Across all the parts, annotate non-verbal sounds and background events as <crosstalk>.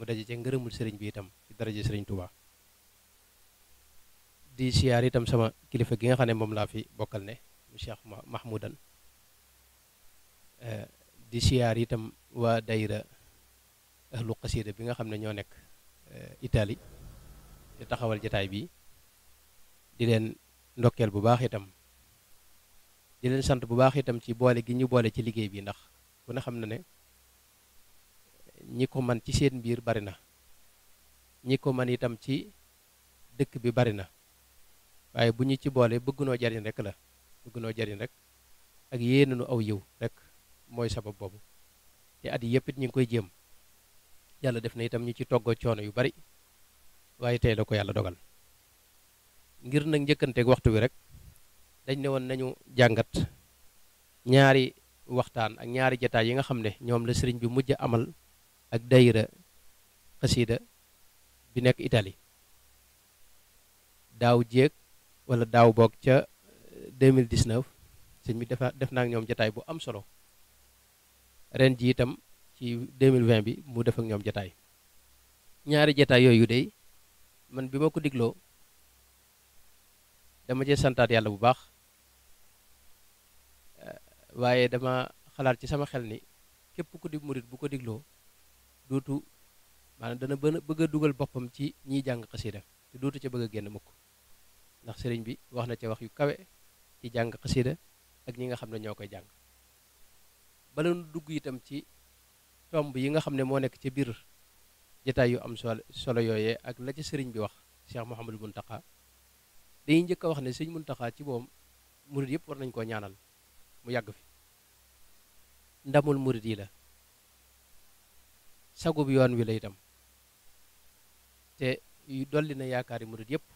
mu daje ci ngërëmul sëriñ bi itam ci daraje sëriñ Touba. di siyaar itam sama kilifa gi nga xam ne moom laa fi bokkal ne mu Cheikh Mahmoudan eh, di siyaar itam waa dayra ahlu xasida bi nga xam ne ñoo nekk eh, Italie di taxawal jataay bi di leen ndokkeel bu baax itam di leen sant bu baax itam ci boole gi ñu boole ci liggéey bi ndax ku ne xam na ne ñi ko man ci seen mbiir bari na ñi ko man itam ci dëkk bi bari na waaye bu ñu ci boolee bëggunoo noo jariñ rek la bëgg noo jariñ rek ak yéen nu aw yëw rek mooy sabab boobu te at yi yëpp ñu ngi koy jéem yàlla def na itam ñu ci toggoo coono yu bari waaye tey la ko yàlla dogal ngir nag njëkkanteeg waxtu wi rek dañ ne woon nañu jàngat ñaari waxtaan ak ñaari jataay yi nga xam ne ñoom la sëriñ bi mujj amal ak dayira xasida bi nekk itali daaw jéeg wala daaw boog ca eh, mille 2019 sëñ bi defa def naa ak ñoom jataay bu am solo ren ji itam ci mille 2020 bi mu def ak ñoom jataay ñaari jataay yooyu dey man bi ma ko digloo dama cee santaat yàlla bu baax eh, waaye dama xalaat ci sama xel ni képp ku di murit bu ko digloo dootu maanaam dana bëgg a dugal boppam ci ñiy jàng xasida te dootu ca bëgg a génn mukk ndax sëriñ bi wax na ca wax yu kawe ci jàng xasida ak ñi nga xam ne ñoo koy jàng bala nu dugg itam ci tomb yi nga xam ne moo nekk ca biir jataay yu am solo solo yooyee ak la ca sëriñ bi wax Cheikh Mouhamadou Mountakha dañuy njëkk wax ne sëñ Mountakha ci moom murit yëpp war nañ koo ñaanal mu yàgg fi ndamul murit yi la bi yoon wi la itam te dolli na yaakaar yi murit yëpp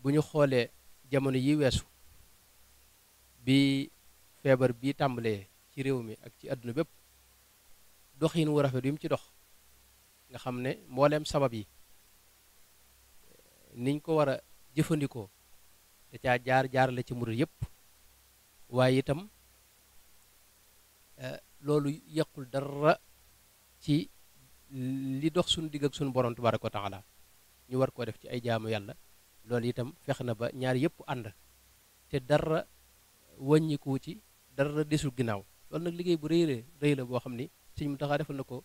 bu ñu xoolee jamono yi weesu bi feebar bii tàmbalee ci réew mi ak ci àdduna bépp doxin wu rafet yu mu ci dox nga xam ne mbooleem sabab yi niñ ko war a jëfandikoo da caa jaar jaar la ci murit yëpp waaye itam eh, loolu yàqul dara ci li dox suñu digg ak suñu borom tabaaraka wa taala ñu war koo def ci ay jaamu yàlla loolu itam fex na ba ñaar yëpp ànd te dara wàññiku ci dara desul ginnaaw loolu nag liggéey bu rëy la rëy la boo xam ni sëñ mu taxaa defal na ko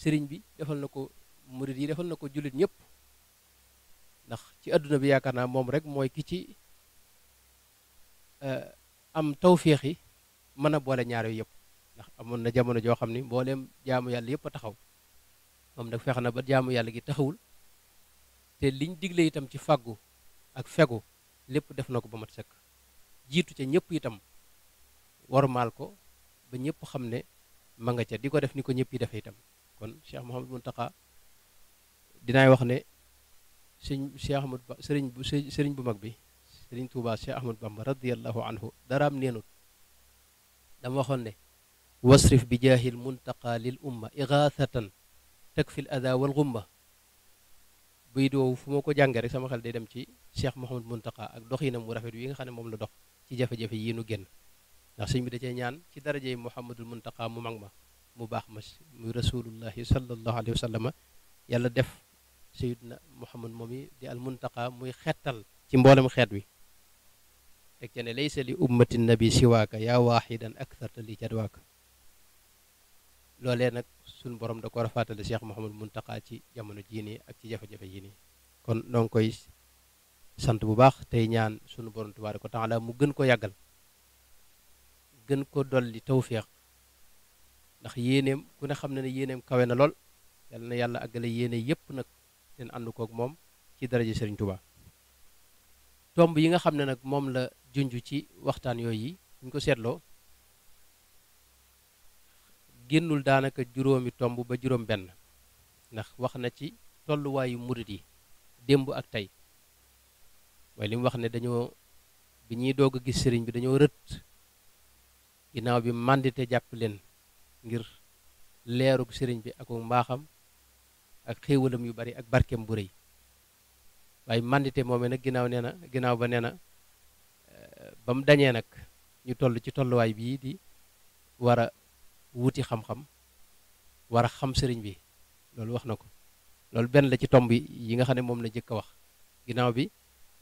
sëriñ bi defal na ko murit yi defal na ko jullit ñëpp ndax ci àdduna bi yaakaar naa moom rek mooy ki ci eh, am tawféex yi mën a boole ñaar yooyu yëpp ndax amoon na jamono joo xam ni mbooleem jaamu yàlla yëpp a taxaw moom nag fexe na ba jaamu yàlla gi taxawul te liñ digle itam ci fàggu ak fegu lépp def na ko ba mat sëkk jiitu ca ñëpp itam warmaal ko ba ñëpp xam ne ma nga ca di ko def ni ko ñëpp yi defee itam kon Cheikh Mouhamadou Mountakha dinaay wax ne sëñ Cheikh Ahmad ba sëriñ bu sëriñ bu mag bi sëriñ Touba Cheikh Ahmad Bamba radiyallahu anhu daraam neenut dama waxoon ne wasrif bi jaahil muntaqa lil umma igaathatan takfil adaa wal gumma buy doowu fu ma ko jàngee rek sama xel day dem ci cheikh Mouhamad Muntaqa ak doxinam mu rafet wi nga xam ne moom la dox ci jafe-jafe yii nu génn ndax sëñ bi da cee ñaan ci darajey Mouhamadul Muntaqa mu mag ma mu baax ma mu rasulullahi sallallahu alayhi wa sallama yàlla def sayidna Mouhamad moom yi di al Muntaqa muy xettal ci mboolem xeet wi teg ca ne laysa li ummati nabi siwaaka yaa waaxidan aktharta li jadwaaka loolee nag suñu borom da ko rafaatale Cheikh mun Mountakha ci jamono jii nii ak ci jafe-jafe yii nii kon noo koy sant bu baax tey ñaan sunu borom tabaaraka wa taala mu gën ko yàggal gën ko dolli feex ndax yéeneem ku ne xam na ne yéeneem kawe na lool yal na yàlla àggale yéene yépp nag leen ànd koog moom ci daraja Serigne Touba. tomb yi nga xam ne nag moom la junj ci waxtaan yooyu yi ñu ko seetloo génnul daanaka juróomi tomb ba juróom benn ndax wax na ci tolluwaayu murit yi démb ak tey mooy li wax ne dañoo bi ñuy doog a gis sëriñ bi dañoo rët ginnaaw bi màndite jàpp leen ngir leerug sëriñ bi ak mbaaxam ak xéewalam yu bari ak barkeem bu rëy waaye màndite moomee nag ginnaaw nee na ginnaaw ba nee na eh, ba dañee nag ñu toll ci tolluwaay bii di war wuti xam-xam war a xam sëriñ bi loolu wax na ko loolu benn la ci tomb yi nga xam ne moom la jëkk a wax ginnaaw bi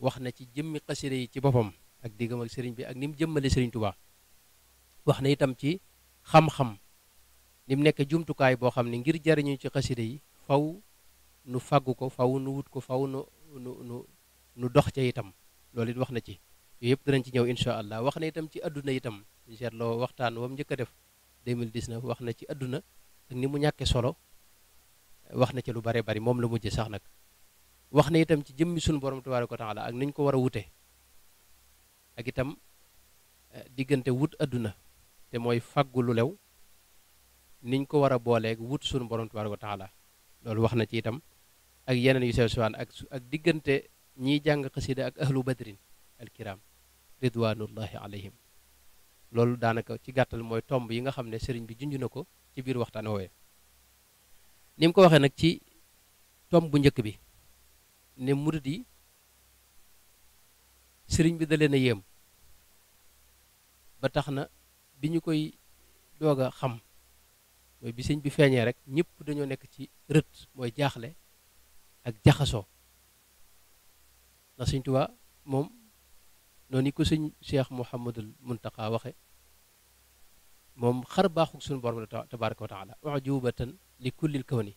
wax na ci jëmmi xasida yi ci boppam ak diggam ak sëriñ bi ak ni mu jëmmale sëriñ Tuubaa wax na itam ci xam-xam ni mu nekk jumtukaay boo xam ne ngir jariñu ci xasida yi faw nu fàggu ko faw nu wut ko faw nu nu nu nu dox ca itam loolu it wax na ci yooyu yëpp dinañ ci ñëw incha allah wax na itam ci adduna itam loo waxtaan wam njëkk a def 2019 wax na ci àdduna ak ni mu ñàkkee solo wax na ci lu bare bari moom la mujje sax nag wax na itam ci jëmmi sunu borom tabaaraka wa taala ak niñ ko war a wute ak itam eh, diggante wut àdduna te mooy fàggu lu lew niñ ko war a booleeg wut sunu borom tabaaraka wa taala loolu wax na ci itam ak yeneen yu sew siwaan ak ak diggante ñiy jàng xasida ak ahlu badrin alkiram ridwanullahi alayhim loolu daanaka ci gàttal mooy tomb yi nga xam ne sëriñ bi junj na ko ci biir waxtaan woowee ni mu ko waxee nag ci tomb bu njëkk bi ne murit yi sëriñ bi da leen a yéem ba tax na bi ñu koy doog a xam mooy bi sëñ bi feeñee rek ñépp dañoo nekk ci rët mooy jaaxle ak jaxasoo ndax sëñ Tuubaa moom noonu ko sëñ Cheikh Mouhamadul Muntaqa waxe moom xar baaxug suñu borom la tabaraka wa taala ujubatan li kullil ni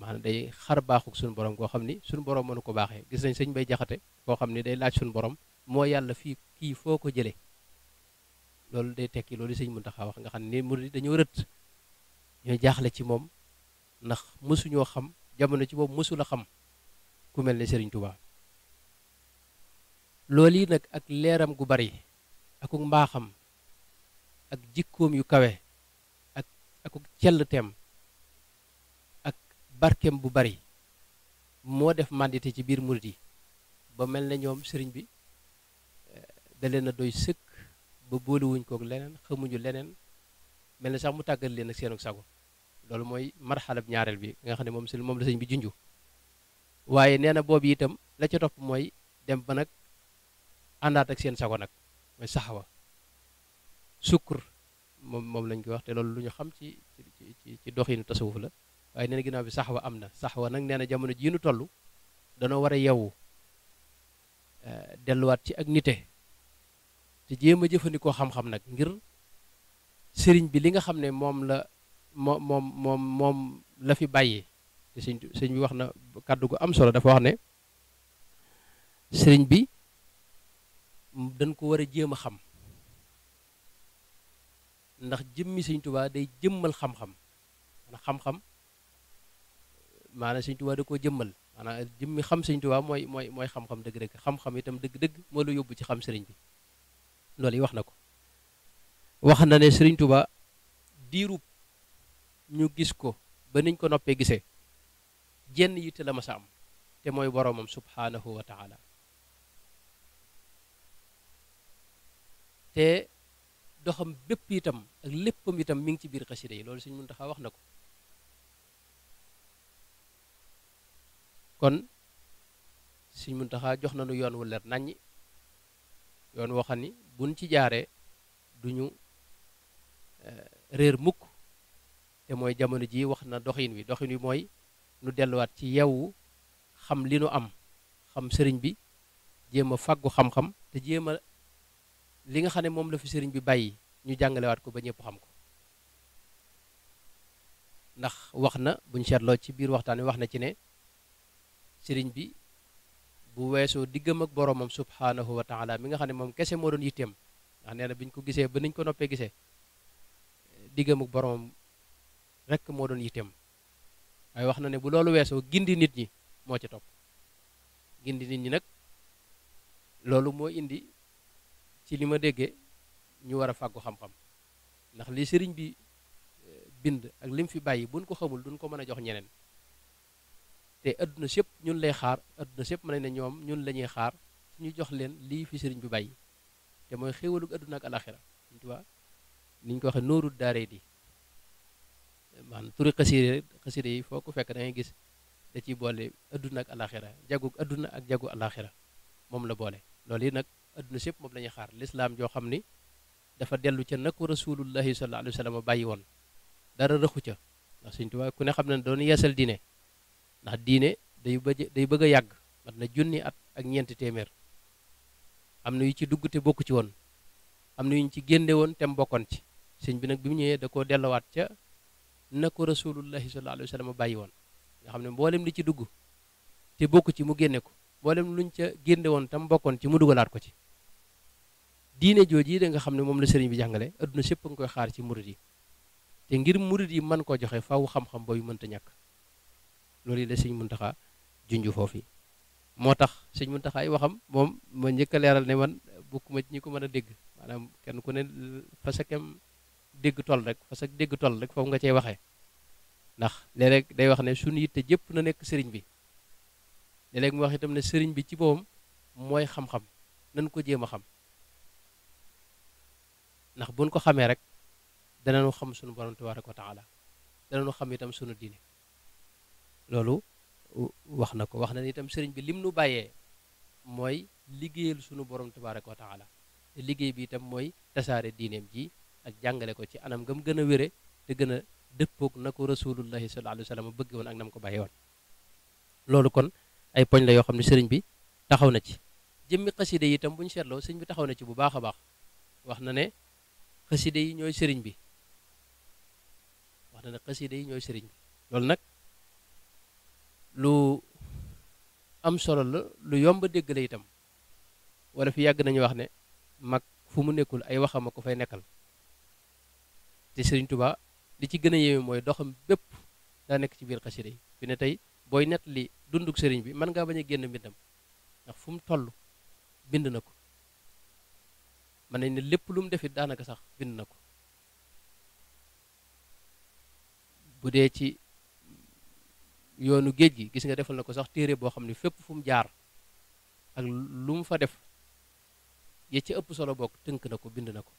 maana day xar baaxug sunu borom koo xam ni suñu borom mënu ko baaxee gis nañ sëñ bay jaxate koo xam ni day laaj suñu borom moo yàlla fii kii foo ko jëlee loolu day tekki loolu sëñ Muntaxa wax nga xam ne murid dañoo rët ñoo jaaxle ci moom ndax mësuñoo xam jamono ci boobu mësula xam ku mel ne Serigne Touba. loolu yi nag ak leeram gu bari akuk mbaaxam ak jikkoom yu kawe ak akuk cellteem ak barkeem bu bari moo def màndite ci biir mu di ba mel na ñoom sëriñ bi eh, da leen a doy sëkk ba boolewuñ kook leneen xamuñu leneen mel na sax mu tàggal leen ak seenug sago loolu mooy marxalab ñaareel bi nga xam ne moom si moom la sëñ bi junju waaye nee na boobu itam la ca topp mooy dem ba nag àndaat ak seen sago nag mooy saxawa sukkur moom moom lañ koy wax te loolu lu ñu xam ci ci ci doxinu tasawuf la waaye nee na bi saxawa am na saxawa nag nee na jamono jii nu tollu danoo war a yewwu eh, delluwaat ci ak nite te jéem a jëfandikoo xam-xam nag ngir sëriñ bi li nga xam ne moom la moom moom moom la fi bàyyi te sëñ sëñ bi wax na kàddu gu am solo dafa wax ne sëriñ bi dañ ko war a jéem a xam ndax jëmmi sëñ tubaa day jëmmal xam-xam maana xam-xam maanaam tubaa da koo jëmmal maanaam jëmmi xam sëñ tubaa mooy mooy mooy xam-xam dëgg-dëgg xam-xam itam dëgg-dëgg moo la yóbbu ci xam sëriñ bi loolu yi wax na ko wax na ne sëriñ tubaa diirub ñu gis ko ba niñ ko noppee gisee jenn yitte la ma sa am te mooy boroomam subhaanahu wa taala te doxam bépp itam ak léppam yitam mi ngi ci biir xasida yi loolu suñ mun Muntaxa wax na ko kon Sëriñ Muntaxa jox na nañu yoon wu leer naññi yoon waxam ni buñ ci jaaree duñu eh, réer mukk te mooy jamono ji wax na doxin wi doxin wi mooy nu delluwaat ci yeewu xam li nu am xam sëriñ bi jéem a fàggu xam-xam te jéem li nga xam ne moom la fi sëriñ bi bàyyi ñu jàngalewaat ko ba ñëpp xam ko ndax wax na buñ seetloo ci biir waxtaan wi wax na ci ne sëriñ bi bu weesoo diggam ak boromam subhaanahu wa taala mi nga xam ne moom kese moo doon yitteem ndax nee na biñ ko gisee ba niñ ko noppee gisee diggam ak boromam rekk moo doon yitteem waaye wax na ne bu loolu weesoo gindi nit ñi moo ci topp gindi nit ñi nag loolu moo indi ci li ma déggee ñu war a fàggu xam-xam ndax li sëriñ bi eh, bind ak lim fi bàyyi bun ko xamul duñ ko mën a jox ñeneen te adduna sépp ñun lay xaar adduna sépp mën ne ñoom ñun lañuy ñuy xaar ñu jox leen lii fi sëriñ bi bàyyi te mooy xéewalug adduna ak alaxira tuba ko waxee nóorul daaree di man turi xaside xaside yi foo ko fekk da gis da ciy boole adduna ak alaxira jagug adduna ak jagu alaxira moom la boole loolu yi nag adduna sépp moom la xaar lislaam joo xam ni dafa dellu ca nag ko rasulullahi sallallahu alayhi wa sallam bàyyi woon dara rëxu ca ndax Sëñ Tuubaa ku ne xam ne doon yeesal diine ndax diine day bëgg day bëgg a yàgg mat na junni at ak ñeenti téeméer am na yu ci dugg te bokku ci woon am na yu ci génne woon te ci sëñ bi nag bi mu ñëwee da koo dellowaat ca na ko rasulullahi sallallahu alayhi wa bàyyi woon nga xam ne mboolem li ci dugg te bokk ci mu génne ko mboolem luñ ca génne woon tam mbokkoon ci mu dugalaat ko ci diine jooji da nga xam ne moom la sëriñ bi jàngale adduna sépp nga koy xaar ci murit yi te ngir murit yi mën koo joxe faw xam-xam boobu mënta ñàkk loolu yi la sëñ Muntaxa junj foofu moo tax sëñ Muntaxa ay waxam moom ma njëkka leeral ne man bokkuma ci ñi ko mën a dégg maanaam kenn ku ne fa sa dégg toll rek fa sa dégg toll rek foofu nga cee waxee ndax léeg-léeg day wax ne yit te jëpp na nekk sëriñ bi léeg-léeg mu wax itam ne sëriñ bi ci boppam mooy xam-xam nañ ko jéem a xam ndax buñ ko xamee rek danañu xam sunu borom tabaraka wa taala danañu xam itam sunu diine loolu wax na ko wax na itam sëriñ bi lim nu bàyyee mooy liggéeyal sunu borom tabaraka wa taala te liggéey bi itam mooy tasaare diineem ji ak jàngale ko ci anam gam gën a wére te gën a dëppoog na ko rasulullahi sallallahu alayhi wa sallam bëgg woon ak nam ko bàyyi woon loolu kon ay poñ la yoo xam ne sëriñ bi taxaw na ci jëmmi xaside yi itam bu ñu seetloo sëriñ bi taxaw na ci bu baax baax wax na ne xaside yi ñooy sëriñ bi wax na ne xaside yi ñooy sëriñ loolu nag lu am solo la lu yomb dégg la itam wala fi yàgg nañu wax ne mag fu mu nekkul ay waxama ko fay nekkal te sëriñ tubaa li ci gën a yéeme mooy doxam bépp daa nekk ci biir xaside yi fi ne tey booy nettali dunduk sëriñ bi man ngaa bañ a génn mbindam ndax fu mu toll bind na ko mën nañ ne lépp lu mu defit daanaka sax bind na ko bu dee ci yoonu géej gi gis nga defal na ko sax téere boo xam ne fépp fu mu jaar ak lu mu fa def ye ëpp solo bokk tënk na ko bind na ko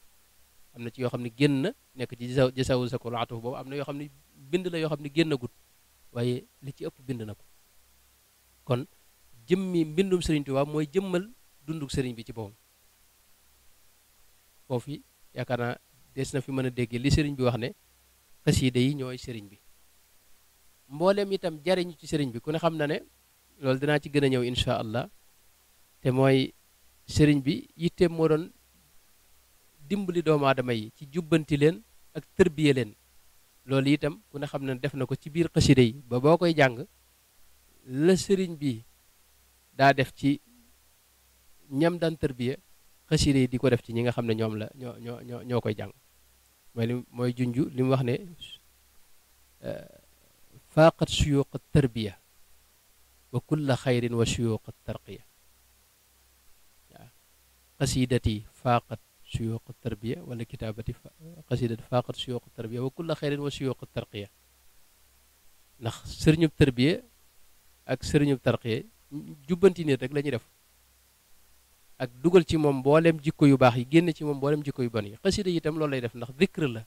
am na ci yoo xam ne génn na nekk ci gisaw gisawu sa ko laatu boobu am na yoo xam ne bind la yoo xam ne génnagut waaye li ci ëpp bind na ko kon jëmmi mbindum sëriñ Tuubaa mooy jëmmal dunduk sëriñ bi ci boppam foofu yaakaar naa des na fi mën a dégg li sëriñ bi wax ne xasiida yi ñooy sëriñ bi mbooleem itam jariñu ci sëriñ bi ku ne xam na ne loolu dinaa ci gën a ñëw incha allah te mooy sëriñ bi yitteem moo doon dimbali doomu aadama yi ci jubbanti leen ak tërbiye leen loolu itam ku ne xam ne def na ko ci biir xasida yi ba boo koy jàng la sëriñ bi daa def ci ñam daan tërbiya xasida yi di ko def ci ñi nga xam ne ñoom la ñoo ñoo ñoo ñoo koy jàng mooy li mooy junj li wax ne eh, faaqat suyuqa tarbiya wa kulla xayrin wa suyuqa tarqiya waaw xasidati faaqat suyuuq tarbiya wala kitaabati xasidat faqat suyuuq tarbiya wa kulla xeyrin wa suyuuq tarqiya ndax sëriñub tarbiya ak sëriñub tarqiya jubbanti nit rek la ñuy def ak dugal ci moom mbooleem jikko yu baax yi génn ci moom mbooleem jikko yu bon yi xasida itam loolu lay def ndax dikr la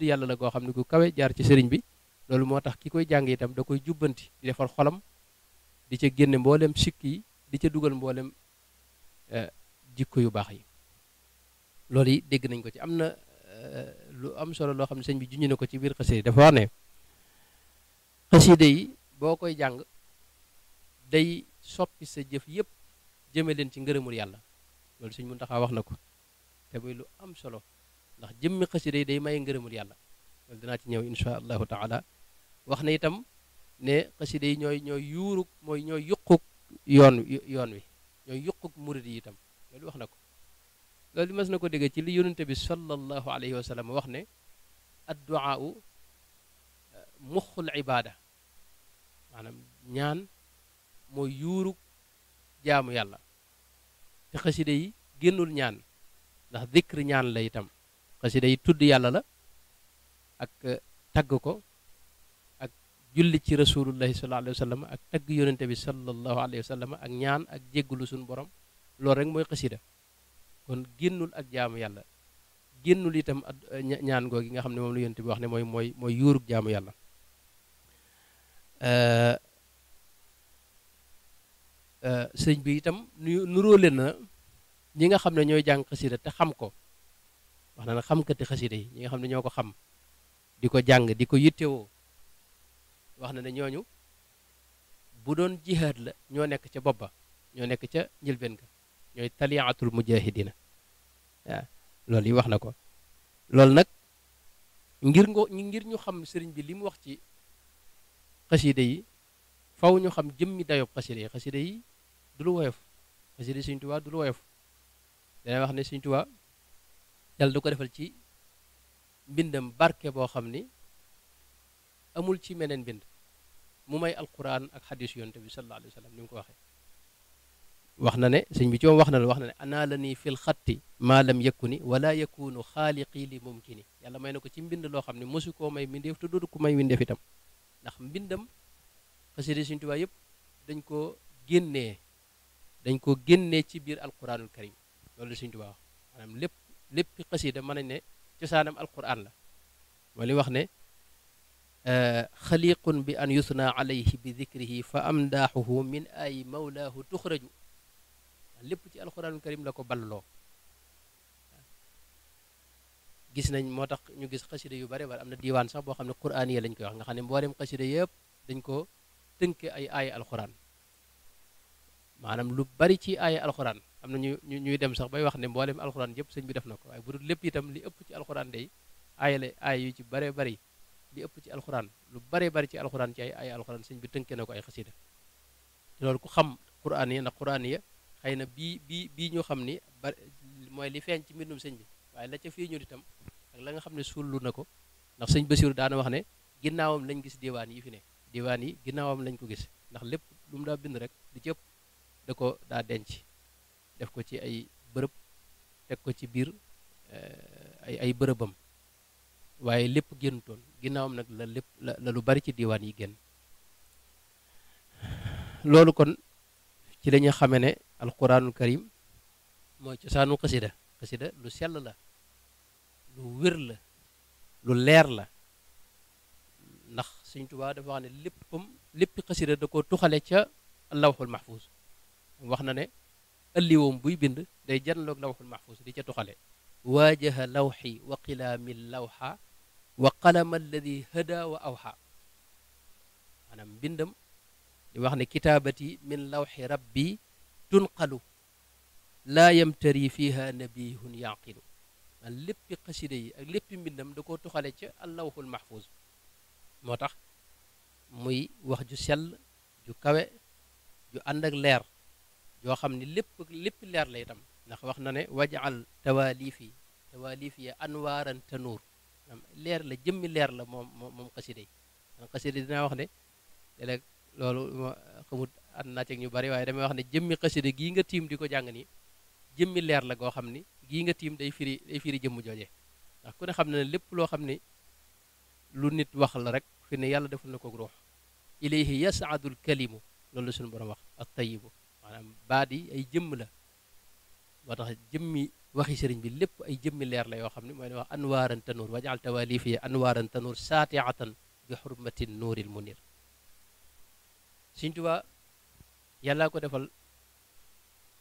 yàlla la koo xam ne ku kawe jaar ci sëriñ bi loolu moo tax ki koy jàng itam da koy jubbanti di defar xolam di ca génne mbooleem sikk di ca dugal mbooleem eh, jikko yu baax yi loolu yi dégg nañ ko ci am na euh, lu am solo loo xam ne sëñ bi junj ne ko ci biir xasida dafa wax ne xasida yi boo koy jàng day soppi sa jëf yëpp jëme leen ci ngërëmul yàlla loolu sëñ Muntaxa wax na ko te muy lu am solo ndax jëmmi xasida yi day may ngërëmul yàlla loolu dinaa ci ñëw insha allahu taala wax na itam ne xasida yi ñooy ñooy yuuruk mooy ñooy yuquk yoon yoon wi ñooy yuquk murid yi itam loolu wax na ko loolu mas na ko dégg ci li yonente bi sallallahu alayhi wa sallam wax ne adduaa u muxul ibaada maanaam ñaan mooy yuuru jaamu yàlla te xasida yi génnul ñaan ndax dikr ñaan la itam xasida yi tudd yàlla la ak tagg ko ak julli ci rasulullahi sallallahu alayhi wa sallam ak tagg yonente bi sallallahu alayhi wa sallam ak ñaan ak jéggulu suñu borom loolu rek mooy xasida kon génnul ak jaamu yàlla génnul itam eh, ñaan googi nga xam ne moom la yonent bi wax ne mooy mooy mooy yuurug jaamu yàlla eh, eh, sëñ bi itam nuróole na ñi nga xam ne ñooy jàng xasida te xam ko wax na nag xamkati xasida yi ñi nga xam ne ñoo ko xam di ko jàng di ko yittewoo wax na ne ñooñu bu doon jihaad la ñoo nekk ca bopp ba ñoo nekk ca njëlbeen ga ñooy taliyaatul dina waaw loolu yi wax na ko loolu nag ngir ngo ngir ñu xam sëriñ bi li mu wax ci xasida yi faw ñu xam jëmmi dayob xasida yi xasida yi du lu woyof xasida yi Sëriñ du lu woyof dana wax ne Sëriñ Tuubaa yàlla du ko defal ci mbindam barke boo xam ni amul ci meneen bind mu may alquran ak xadis yonte bi sallallahu alayhi wa ni mu ko waxee wax na ne sëñ bi wax na la wax na ne anaa la nii fil xatti maa lam yëkku ni wala yakunu xaaliqi li mumkini yàlla may na ko ci mbind loo xam ne mosu koo may mbindeef te dootu ko may mbindeef itam ndax mbindam xasida Sëñ Tuubaa yëpp dañ koo génnee dañ koo génnee ci biir alquranul karim loolu Sëñ Tuubaa wax maanaam lépp lépp nañ ne cosaanam alquran la moo li wax ne xaliqun bi an yusna alayhi bi dikrihi fa amdaaxuhu min ay mawlaahu tuxraju lépp ci alxuraanul karim la ko balloo gis nañ moo tax ñu gis xasida yu bare bare am na diwaan sax boo xam ne quraaniya lañ koy wax nga xam ne mboolem xasida yëpp dañ ko tënke ay aaya alxuraan maanaam lu bari ci aaya alxuraan am na ñu ñuy dem sax bay wax ne mboolem alxuraan yëpp sëñ bi def na ko waaye bu dul lépp itam li ëpp ci alxuraan day aaya la aaya yu ci bare bari li ëpp ci alxuraan lu bare bari ci alxuraan ci ay aaya alxuraan sëñ bi tënke na ko ay xasida loolu ku xam quraaniya ndax quraaniya xëy na bii bii bii ñu xam ni ba mooy li feeñ ci mbindum sëñ bi waaye la ca fii ñu itam ak la nga xam ne suullu na ko ndax sëñ Basiru daana wax ne ginnaawam lañ gis diwaan yi fi ne diwaan yi ginnaawam lañ ko gis ndax lépp lu mu daa bind rek di jëpp da ko daa denc def ko ci ay bërëb teg ko ci biir eh, ay ay bërëbam waaye lépp génnutoon ginnaawam nag la lépp la lu bari ci diwaan yi génn loolu kon ci la xame ne alquranul karim mooy cosaanu xasida lu sell la lu wér la lu leer la ndax Sëñ Tuubaa dafa wax ne léppam léppi xasida da ko tuxale ca lawxul mahfuus wax na ne ëlliwoom buy bind day janloog lawxul mahfuus di ca tuxale waajaha lawxi wa qilaami lawxa wa qalama alladi hada wa awxa maanaam mbindam di wax ne kitaabati min lawxi rabbi tunqalu laa yamtari fiha nabihun yaqilu man léppi xasida yi ak léppi mbindam da koo tuxale ca allawhul mahfuz moo tax muy wax ju sell ju kawe ju ànd ak leer joo xam ni lépp léppi leer la itam ndax wax na ne wajal tawaalifi tawaalifi ya anwaaran tanuur leer la jëmmi leer la moom moom xasida yi man xasida yi dinaa ne léeg loolu xamut ànd naa ci ak ñu bari waaye damay wax ne jëmmi xasida gii nga tiim di ko jàng nii jëmmi leer la goo xam ni gii nga tiim day firi day jëmm jooje ndax ku ne lépp loo xam ne lu nit wax la rek fi ne yàlla deful na ko ruux ilayhi yasaadul kalimu loolu la suñu borom wax ak tayibu maanaam baat yi ay jëmm la moo tax jëmmi waxi sëriñ bi lépp ay jëmmi la yoo xam ne mooy ne wax anwaaran tanuur wajal tawalifiya anwaaran tanuur saatiatan bi xurmati nuuril munir Sëriñ Tuubaa yàllaa ko defal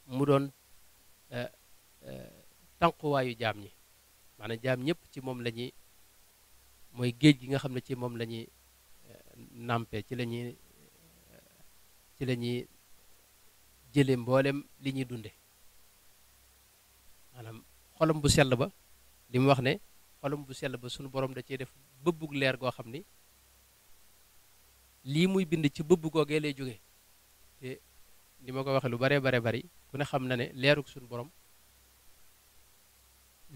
mu doon eh, eh, tànquwaayu jaam ñi maanaam jaam ñépp ci moom lañuy mooy géej gi nga xam ne ci moom lañuy eh, nàmpe ci la ñuy ci la ñuy jële mboolem li ñuy dunde maanaam xolam bu sell ba li mu wax ne xolam bu sell ba sunu borom da cee def bëbbug leer goo xam ni lii muy bind ci bëbb googee lay jóge li ma ko waxee lu baree bare bari ku ne xam na ne leerug suñ borom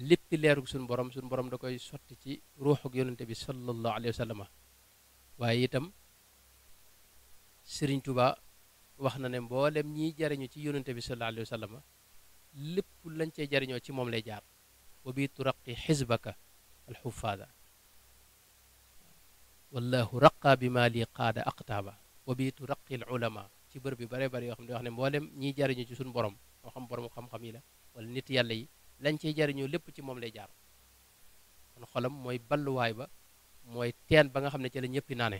lépp leerug suñ borom suñ borom da koy sotti ci ruuxug yonente bi sallallahu alayhi waaye itam Sëriñ Tuba wax na ne mboolem ñiy jariñu ci yonente bi sallallahu alayhi wa lépp lañ cee jariñoo ci moom lay jaar wa bi turaqi xisbaka alxufaada wallahu raqa bi ma li qaada aqtaaba wa bi turaqi al ci bërëb yu bare bare yoo xam ne wax ne mboolem ñiy jariñu ci suñu borom moo xam borom xam-xam yi la wala nit yàlla yi lañ ciy jariñoo lépp ci moom lay jaar kon xolam mooy balluwaay ba mooy teen ba nga xam ne ci la ñëpp naane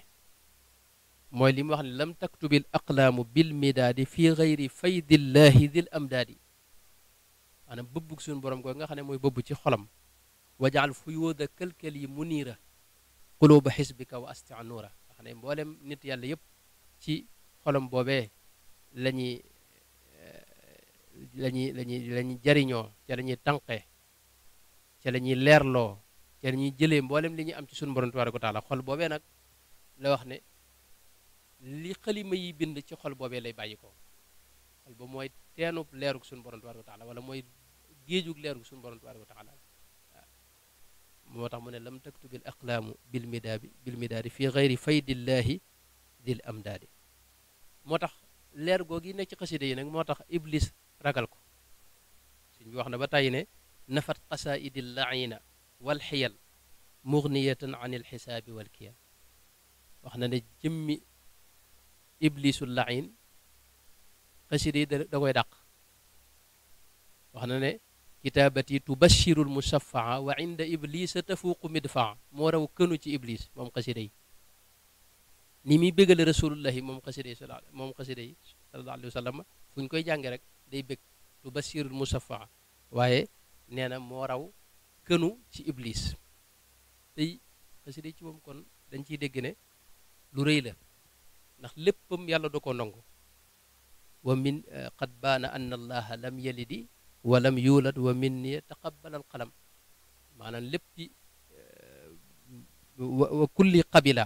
mooy li mu wax ne lam taktubil aqlaamu bil midaadi fi gayri faydillaahi dil amdaadi maanaam bëbbug suñu borom ko nga xam ne mooy bëbb ci xolam wajaal fuyóoda këlkël yi muniira quluuba xisbika wa astia nuura nga xam ne nit yàlla yëpp ci xolam boobee la eh, ñuy la ñuy la ñuy jariñoo ca la ñuy tànqe ca lañuy ñuy leerloo ca la ñuy jëlee mboolem li ñuy am ci suñu borom tabaaraka wa taala xol boobee nag la wax ne li xalima yi bind ci xol boobe lay bàyyi ko xol ba mooy teenub leerug suñu borom tabaaraka wa taala wala mooy géejug leerug sunu borom tabaaraka wa taala moo tax mu ne lam taktubil aqlaamu bil midaabi bil midaadi fi gayri faydillaahi dil amdaadi moo tax leer googu yi nekk ci xasida yi nag moo tax iblis ragal ko suñ bi wax na ba tàyyi ne nafat qasaidi laina wal xiyal mugniyatan an il xisaabi wal kiyal wax na ne jëmmi iblisul lain xasida yi da koy dàq wax na ne kitaabati tubashiru l musafaa wa inda iblisa tafuuqu midfaa moo raw kënu ci iblis moom xasida yi ni muy bégale rasulullahi moom xasida yi sala moom xasida yi sallallahu alayhi fu ñu koy jànge rek day bég tu basirul musafa waaye nee na moo raw kënu ci iblis tey xasida ci moom kon dañ ciy dégg lu rëy la ndax léppam yàlla da koo nangu wa min eh, qad baana anna allaha lam yalidi wa lam yulad wa min ni taqabbal al qalam maanaam eh, wa kulli qabila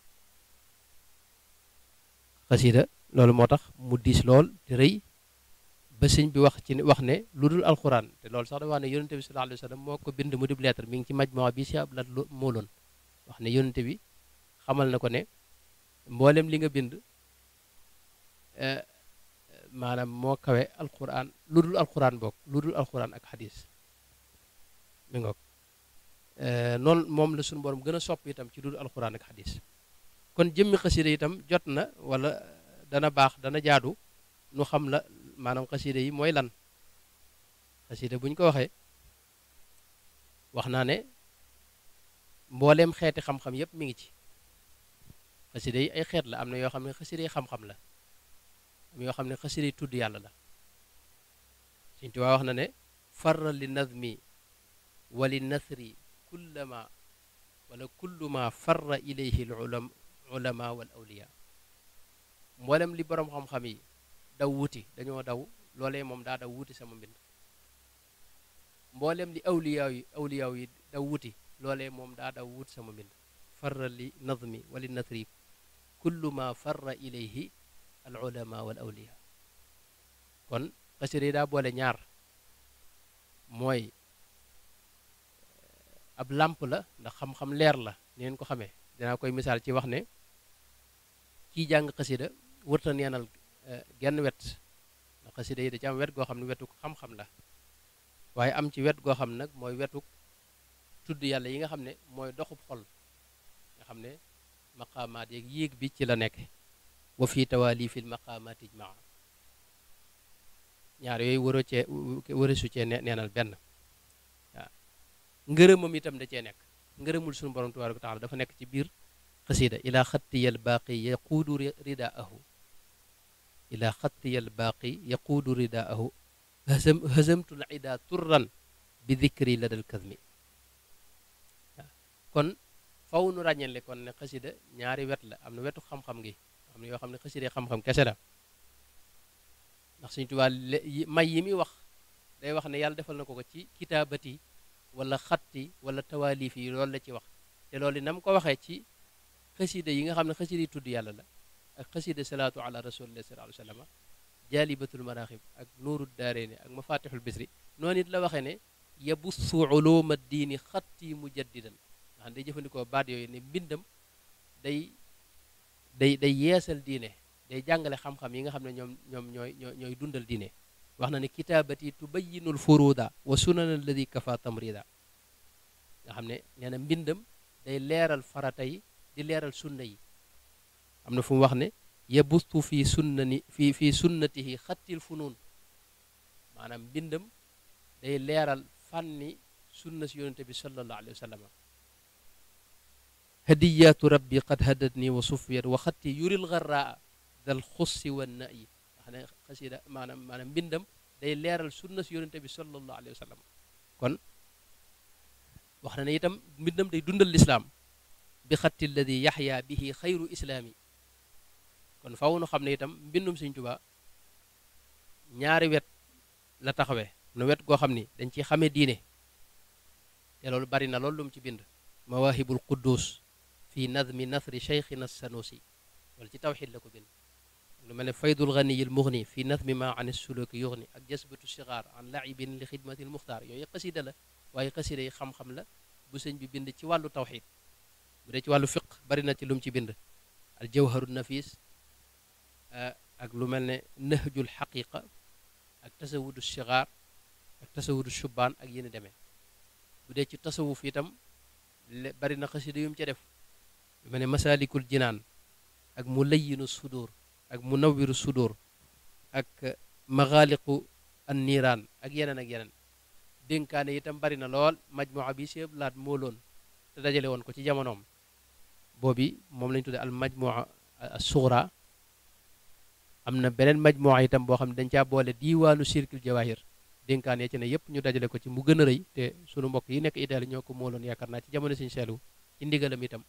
xasida loolu moo tax mu diis lool te rëy ba sëñ bi wax ci ne wax ne lu dul alxuraan te loolu sax da wax ne yonente bi sallallahu alayhi moo ko bind mu dib ngi ci majmaa bi si ab lat mooloon wax ne yonente bi xamal na ko ne mboolem li nga bind eh, maanaam moo kawe alxuraan lu dul alxuraan boog lu dul alxuraan ak xadis mi ngoog eh, noonu moom la suñu borom gën a sopp itam ci lu dul alxuraan ak xadis kon jëmmi xasida itam jot na wala dana baax dana jaadu nu xam la maanaam xasida yi mooy lan xasida buñ ko waxee wax naa ne mbooleem xeeti xam-xam yépp mi ngi ci xasida yi ay xeet la am na yoo xam ne xasida yi xam-xam la am yoo xam ne xasida yi tudd yàlla la Sëñ Tuubaa wax na ne farra li nazmi wa li nasri kullama wala kulluma farra ilayhi al ulama ulama wal awliya mboolem li borom xam-xam yi daw wuti dañoo daw loolee moom daa daw wuti sama mbind mboolem li awliyaaw yi awliyaaw daw wuti loolee moom daa daw wuti sama mbind farra li nadmi wali natri kullu ma farra ilayhi al ulama kon xasida yi daa boole ñaar mooy eh, ab làmp la ndax xam-xam leer la ni ko xamee dinaa koy misaal ci wax ne kiy jàng xasida wërta neenal eh, genn wet ndax xasida yi da ci am wet goo xam ne wetuk xam-xam la waaye am ci wet goo xam nag mooy wetuk tudd yàlla yi nga xam ne mooy doxub xol nga xam ne maqaamaat yeeg yéeg bi ci la nekk wa fi tawalifil maqaamaat ijmaa ñaar yooyu waroo cee warasu cee neenal benn waaw ngërëmam itam da cee nekk ngërëmul suñu borom tabaaraka taala dafa nekk ci biir xasida ilaa xattiya albaaqi yaquudu ridaahu ilaa xattiya albaaqi yaquudu ridaahu hazamtu l ida turran bi dikri la dal kasmi kon faw nu ràññeel kon ne xasida ñaari wet la am na wetu xam-xam gi am na yoo xam ne xasida xam-xam kese la ndax may yi muy wax day wax ne yàlla defal na ko ko ci kitaabati wala xatti wala tawaalif yi ci wax te loolu nam ko waxee xasida yi nga xam ne xasida yi tudd yàlla la ak xasida salaatu ala rasulillah sallallahu alayhi wa sallam jaalibatul maraxib ak nuuru daareeni ak mafatixul bisri noonu it la waxee ne yabussu uluma diini xatti mujaddidan nga xam day jëfandikoo baat yooyu ne mbindam day day day yeesal diine day jàngale xam-xam yi nga xam ne ñoom ñoom ñooy ñooy dundal diine wax na ne kitaabati tubayinul furuda wa sunan alladi kafa tamrida nga xam ne nee na mbindam day leeral farata yi leeral sunna yi am na fu wax ne yabustu fi sunnani fi fi sunnatihi xattil funuun maanaam mbindam day leeral fànni sunna si yonente bi sallallahu alayhi wa sallam rabbi qad hadatni wa sufiyat wa xatti yuril garraa dal xussi wa nayi mbindam day leeral sunna si bi sallallahu alayhi wa sallam na ne mbindam day dundal lislaam bi xatti alladi yaxya xayru islaami kon faw xam ne itam mbindum Sëñ Tuubaa ñaari wet la taxawee nu wet goo xam ni dañ ciy xame diine te loolu bari na loolu lu mu ci bind mawaahibul quddus fi nadmi nasri cheikhina sanusi wala ci tawxid la ko bind lu mel ne faydul ganiyil mugni fi nadmi ma an suluki yugni ak jasbatu sigaar an laibin li xidmatil muxtaar yooyu xasida la waaye xasida yi xam-xam la bu sëñ bi bind ci wàllu tawxid bu dee ci wàllu fiq bari na ci lu mu ci bind al jawharu nafis eh, ak lu mel ne nahjul xaqiqa ak tasawudu sigaar ak tasawudu shubaan ak yéen deme bu dee ci tasawuf itam bari na xasida yum ca def lu mel ne masalikul jinaan ak mu layyinu sudur ak mu nawiru sudur ak maxaaliqu an niiraan ak yeneen ak yeneen dénkaane itam bari na lool majmuwa bi sieb laat mooloon te dajale woon ko ci jamonoom boobi moom lañu tuddee al majmua as-sughra am na beneen majmua itam boo xam ne dañ caa boole diiwaanu circuit jawahir dénkaan ya ci ne yëpp ñu dajale ko ci mu gën a rëy te sunu mbokk yi nekk Italie ñoo ko mooloon yaakaar naa ci jamono Sëriñ Saaliw ci ndigalam itam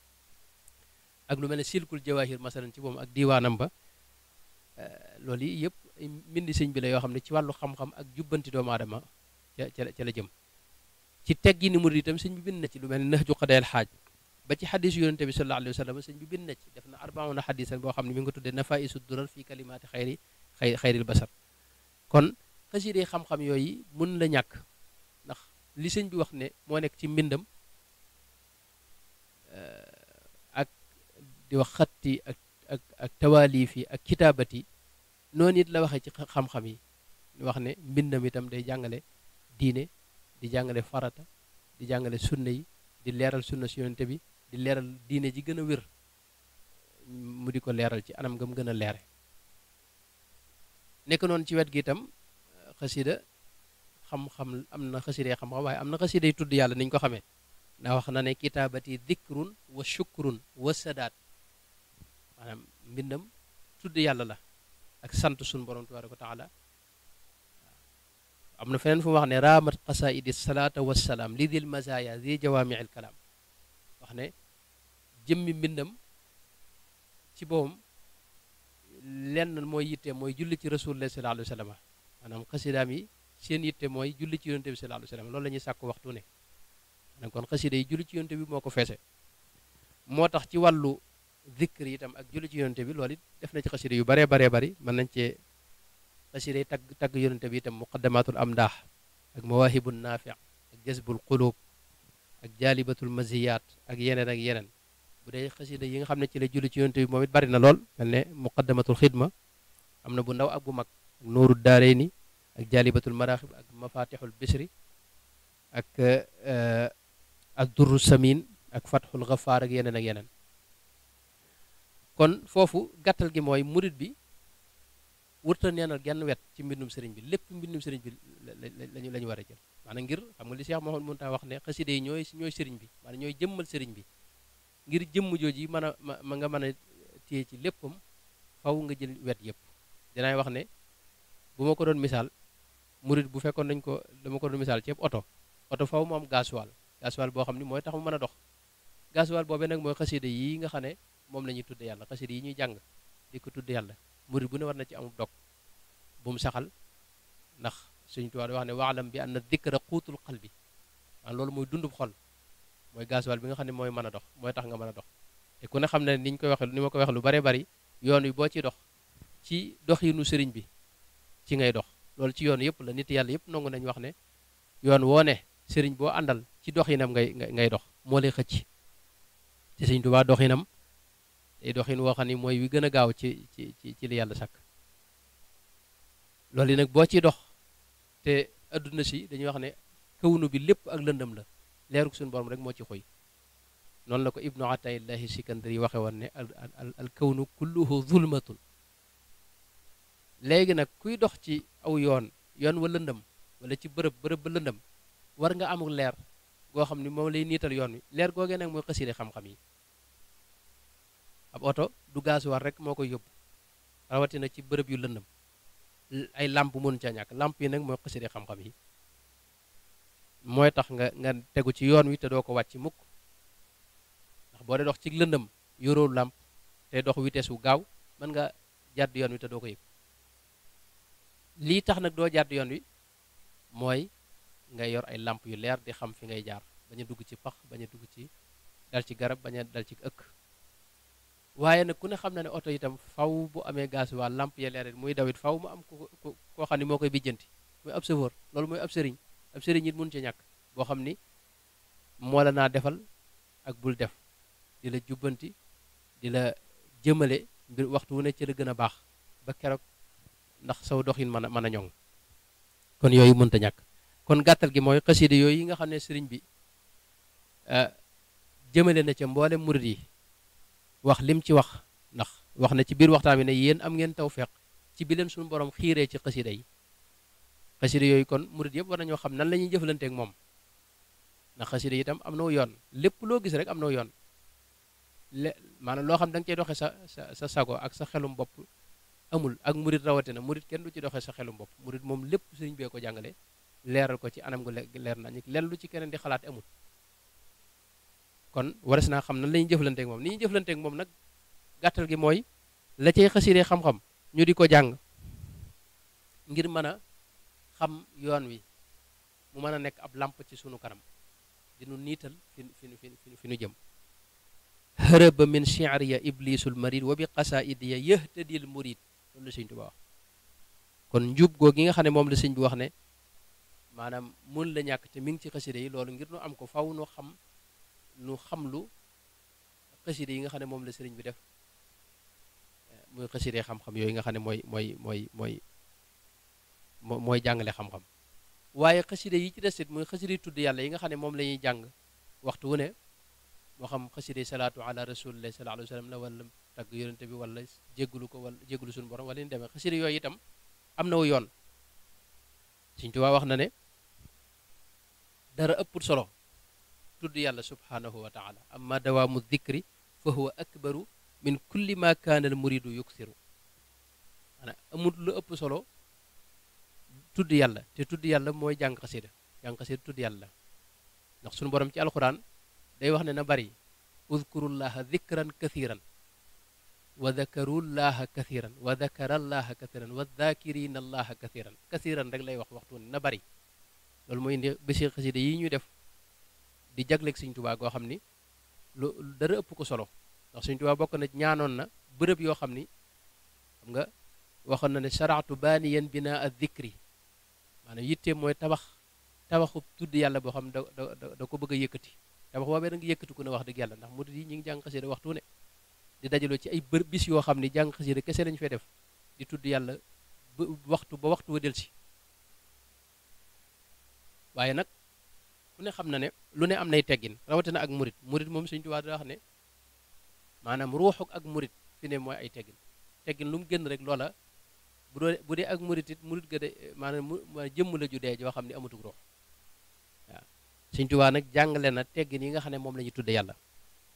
ak lu mel ne silkul jawahir masalan ci moom ak diiwaanam ba eh, loolu yi yëpp mbindi sëñ bi la yoo xam ne ci wàllu xam-xam ak jubbanti doomu aadama ca ca la jëm ci teggi ni murid tam sëñ bi bind na ci lu mel ne nax ju xadaayal xaaj ba ci xadis yonente bi sallallahu alayhi wa sallam sëñ bi bind na ci def na a xadisan boo xam ne mi nga ko tuddee nafaisu durar fi kalimaati xayri xay xayril basar kon xaside xam-xam yooyu mun la ñàkk ndax li sëñ bi wax ne moo nekk ci mbindam eh, ak di wax xatti ak ak ak tawaalif ak kitaabat yi noonu it la waxee ci xam-xam yi wax ne mbindam itam day jàngale diine di jàngale farata di jàngale sunna yi di leeral sunna si yonente bi di leeral diine ji gën a wér mu di ko leeral ci anam gam gën a leere nekk noonu ci wet gi itam xasida xam-xam am na xasiday xam-xam waaye am na xasiday tudd yàlla niñ ko xamee ndax wax na ne kitaabati dikrun wa shukrun wa sadaat maanaam mbindam tudd yàlla la ak sant sun borom tabaraka wa taala am na feneen fu wax ne raamat qasaidi salaata wassalaam li dil mazaaya di jawaami al kalaam wax ne jëmmi mbindam ci boppam lenn mooy yitte mooy julli ci rasulullah sallallahu alayhi wa sallam maanaam xasidaam yi seen yitte mooy julli ci yonte bi sallallahu alayhi wa sallam loolu la ñuy sàkk waxtu ne kon xasida yi julli ci yonte bi moo ko feese moo tax ci wàllu zikr itam ak julli ci yonte bi lool it def na ci xasida yu baree baree bari mën nañ cee xasida yi tagg tagg yonte bi itam am amdaax ak mawahibun naafi ak jazbul qulub ak jaalibatul maziyaat ak yeneen ak yeneen bu dee xasida yi nga xam ne ci la julli ci yonent bi moom it bari na lool mel ne muqaddamatul xidma am na bu ndaw ak bu mag ak nooru daarayni ak jaalibatul maraaxib ak mafatixul bisri ak eh, ak durru samin ak fatxul gafaar ak yeneen ak yeneen kon foofu gàttal gi mooy murit bi wërta neenal genn wet ci mbindum sëriñ bi lépp mbindum sëriñ bi lañu la ñu war a jël maanaam ngir xam nga li Cheikh Mouhamadou taa wax ne xasida yi ñooy ñooy sëriñ bi maanaam ñooy jëmmal sëriñ bi ngir jëmm jooji mën a ma ma nga mën a téye ci léppam faw nga jël wet yëpp danay wax ne bu ma ko doon misaal murit bu fekkoon nañ ko dama ko doon misaal ceeb oto oto faw mu am gaasuwaal gaasuwaal boo xam ne mooy tax mu mën a dox gaasuwaal boobee nag mooy xasida yi nga xam ne moom la ñuy tudde yàlla xasida yi ñuy jàng di ko tudde yàlla murit bu ne war na ci amub dog bu mu saxal ndax Sëñ Tuubaa di wax ne waalam bi anna dikra quutul qalbi loolu mooy dundub xol mooy gasoil bi nga xam ne mooy mën a dox mooy tax nga mën a dox te ku ne xam ne ni ñu koy waxe ni ma koy wax lu bare bari yoon wi boo ci dox ci dox yi sëriñ bi ci ngay dox loolu ci yoon yëpp la nit yàlla yëpp nangu nañu wax ne yoon woo ne sëriñ boo àndal ci dox yi nam ngay ngay dox moo lay xëcc te sëriñ Tuubaa dox nam te doxin woo xam ne mooy wi gën a gaaw ci ci ci li yàlla sàkk loolu yi nag boo ci dox te adduna si dañuy wax ne kawnu bi lépp ak lëndam la leerug suñ borom rek moo ci xoy noonu la ko ibnu ataillahi sikandari waxe woon ne al al kawnu kulluhu zulmatun léegi nag kuy dox ci aw yoon yoon wa lëndëm wala ci bërëb bërëb ba lëndëm war nga amul leer goo xam ni moom lay niital yoon wi leer googee nag mooy xaside xam-xam yi ab oto du gaas war rek moo koy yóbbu rawatina ci bërëb yu lëndëm ay làmp mënu ca ñàkk làmp yi nag mooy xaside xam-xam yi mooy tax nga nga tegu ci yoon wi te doo ko wàcc mukk ndax boo dee dox ci lëndëm yoroo làmp te dox vitesse wu gaaw mën nga jàdd yoon wi te doo ko yëg lii tax nag doo jàdd yoon wi mooy nga yor ay làmp yu leer di xam fi ngay jaar bañ dugg ci pax bañ dugg ci dal ci garab bañ a dal ci ëkk waaye nag ku ne xam na ne oto itam faw bu amee gaz waa làmp ya leer muy dawit faw mu am ko koo xam ne moo koy bijjanti muy ab chauffeur loolu mooy ab sëriñ ab sëriñ it mun ca ñàkk boo xam ni moo la naa defal ak bul def di la jubbanti di la jëmale mbir waxtu wu ne ci la gën a baax ba keroog ndax saw doxin mën a mën a ñoŋ kon yooyu mënta ñàkk kon gàttal gi mooy xasida yooyu yi nga xam ne sëriñ bi euh, jëmale na ca mboole murid yi wax lim ci wax ndax wax na ci biir waxtaan bi ne yéen am ngeen taw tawfeex ci bi leen suñu borom xiiree ci xasida yi xasida yooyu kon murit yëpp war nañoo xam nan la ñuy jëflanteek moom ndax xasida itam am na yoon lépp loo gis rek am na yoon le maanaam loo xam da nga cey doxee sa sa sa sago ak sa xelum bopp amul ak murit rawatina murit kenn du ci doxee sa xelum bopp murit moom lépp sëriñ bee ko jàngale leeral ko ci anam gu leer na ñu lu ci keneen di xalaat amul kon waras naa xam nan la ñuy jëflanteek moom ni ñu jëflanteek moom nag gàttal gi mooy la cay xasida xam-xam ñu di ko jàng ngir mën a xam yoon wi mu mën a nekk ab làmp ci sunu kanam dinu niital fi fi fi fi nu jëm hërëba min shi'riya iblisul marid wa bi qasaidiya yëhtadil murid loolu la sëñ Tuubaa wax kon njub goo gi nga xam ne moom la sëñ bi wax ne maanaam mun la ñàkk te mi ngi ci xasida loolu ngir nu am ko faw nu xam nu xam lu xasida yi nga xam ne moom la sëriñ bi def muy xasida xam-xam yooyu nga xam ne mooy mooy mooy mooy mooy jàngale xam-xam waaye xasida yi ci desit muy xasida tudd yàlla yi nga xam ne moom la ñuy jàng waxtu wu ne moo xam xasida salaatu ala rasulillahi sallallahu alayhi wa sallam la tagg yonente bi wala jéggulu ko wala jéggulu suñu borom wala ñu demee xasida yooyu itam am na wu yoon Sëñ Tuubaa wax na ne dara ëppul solo tudd yàlla subhaanahu wa taala amma dawaamu dikri fa huwa akbaru min kulli ma muridu yuksiru maanaam lu ëpp solo tudd yàlla te tudd yàlla mooy jàng xasida jàng xasida tudd yàlla ndax suñu borom ci alxuraan day wax ne na bari udkurullaha dikran kathiran wa dakarullaha kathiran wa dakarallaha kathiran wa dakirina allaha kathiran kathiran rek lay wax waxtu ne na bari loolu mooy indi bési xasida yi ñuy def di jagleeg Sëñ tubaa goo xam ni lu dara ëpp ko solo ndax Sëñ Tuubaa bokk na ñaanoon na bërëb yoo xam ni xam nga waxoon na ne sharaatu baaniyan binaa ad dikri maanaam yitteem mooy tabax tabaxub tudd yàlla boo xam da da ko bëgg a yëkkati tabax boobee da nga yëkkati ku ne wax dëgg yàlla ndax murid yi ñi ngi jàng xasida waxtu ne di dajaloo ci ay bër bis yoo xam ne jàng xasida kese lañu fay def di tudd yàlla ba waxtu ba waxtu wa del si waaye nag ku ne xam na ne lu ne am nay teggin rawatina ak murit murit moom Sëñ Tuubaa daa wax ne maanaam ruuxuk ak murit fi ne mooy ay teggin teggin lu mu génn rek loola bu doo bu dee ak murit it murit ga de maanaam jëmm la ju dee joo xam ne amatug rox waaw Sëñ Tuubaa nag jàngale na teggin yi nga xam ne moom la ñu tudde yàlla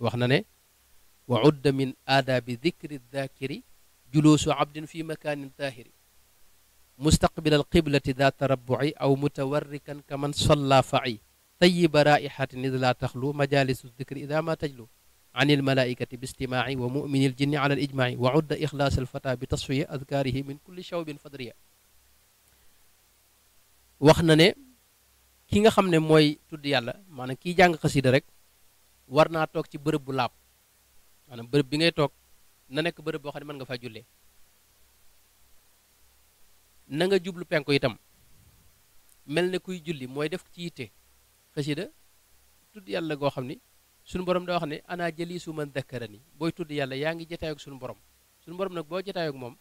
wax na ne wa udda min aadaabi dikri daakiri juluusu abdin fi makaanin taahiri mustaqbila alqiblati daata rabbuci aw mutawarrikan kaman solla faci tayiba raaihatin id la taxlu majalisu dikri ida ma tajlu an ilmalaikati bi istimaaci wa mumini l jinni ala al ijmaaci wa udda bi tasfiya adkaarihi min kulli wax na ne ki nga xam ne mooy tudd yàlla maanaam kiy jàng xasida rek war naa toog ci bërëb bu laab maanaam bërëb bi ngay toog na nekk bërëb boo xam ne mën nga faa jullee na nga jublu penku itam mel ne kuy julli mooy def ci yitte xasida tudd yàlla goo xam ni suñu borom da wax ne anaa ana jëliisu man ni booy tudd yàlla yaa ngi jataayog suñu borom suñu borom nag boo jataayoog moom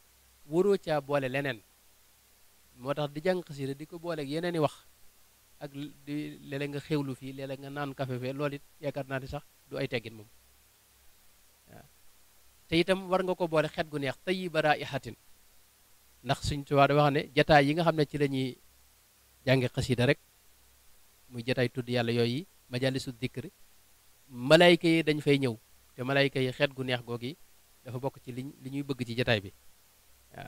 waroo caa boole leneen moo tax di jàng xasida di ko booleeg yeneen i wax ak di nga xewlu fii léeg nga naan kafe fee it yaakaar naa ni sax du ay teggin itam war nga ko boole xet gu neex tayyiba raa'ihatin ndax suñ tubaab da wax ne jataay yi nga xam ne ci la ñuy jànge xasida rek muy jataay tudd yàlla yooyu majalisu dikri malayka yi dañ fay ñëw te malayka yi xeet gu neex googi dafa bokk ci li ñuy bëgg ci jataay bi waaw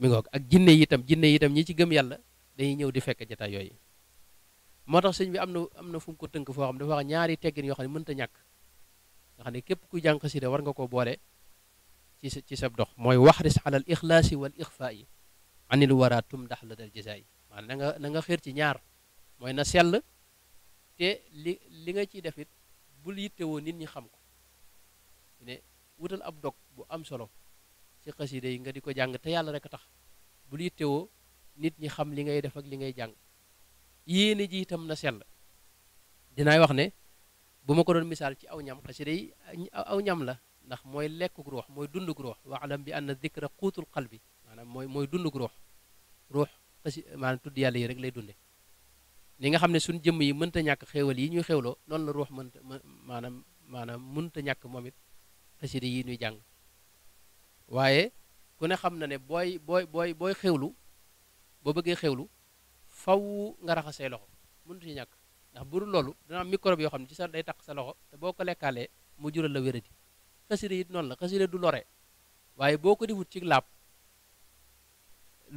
mi ngoog ak jinne yi itam jinne yi itam ñi ci gëm yàlla dañuy ñëw di fekk jataay yooyu moo tax sëñ bi am na am na fu ko tënk foo xam dafa wax ñaari teggin yoo xam ne mënta ñàkk nga xam ne képp ku jàng xasida war nga koo boole ci sa ci sab dox mooy waxris alal ixlaasi wal ixfaa'i anil wara tum dax la dal jisaayi maanaam na nga na nga xéer ci ñaar mooy na sell te li li nga ciy def it bul yittewoo nit ñi xam ko wutal ab dog bu am solo ci xasida yi nga di ko jàng te yàlla rek a tax bul yittewoo nit ñi xam li ngay def ak li ngay jàng yéene ji itam na sell dinaay wax ne bu ma ko doon misaal ci aw ñam xasida yi aw ñam la ndax mooy lekkug ruux mooy dundug wax waalam bi na anna dikra quutul bi maanaam mooy mooy dundug ruux ruux xasi maanaam tudd yàlla yi rek lay dunde li nga xam ne suñ jëmm yi mënta ñàkk xéewal yi ñuy xéewloo noonu la ruux mënta maanaam maanaam mënta ñàkk moom it xasida yi ñuy jàng waaye ku ne xam na ne booy booy booy booy xéewlu boo bëggee xéewlu faw nga raxasee loxo mënut ci ñàkk ndax bu dul loolu dina am microbe yoo xam ne ci sa day takk sa loxo te boo ko lekkaalee mu jural la wéradi xasida it noonu la xasida du lore waaye boo ko defut ci laab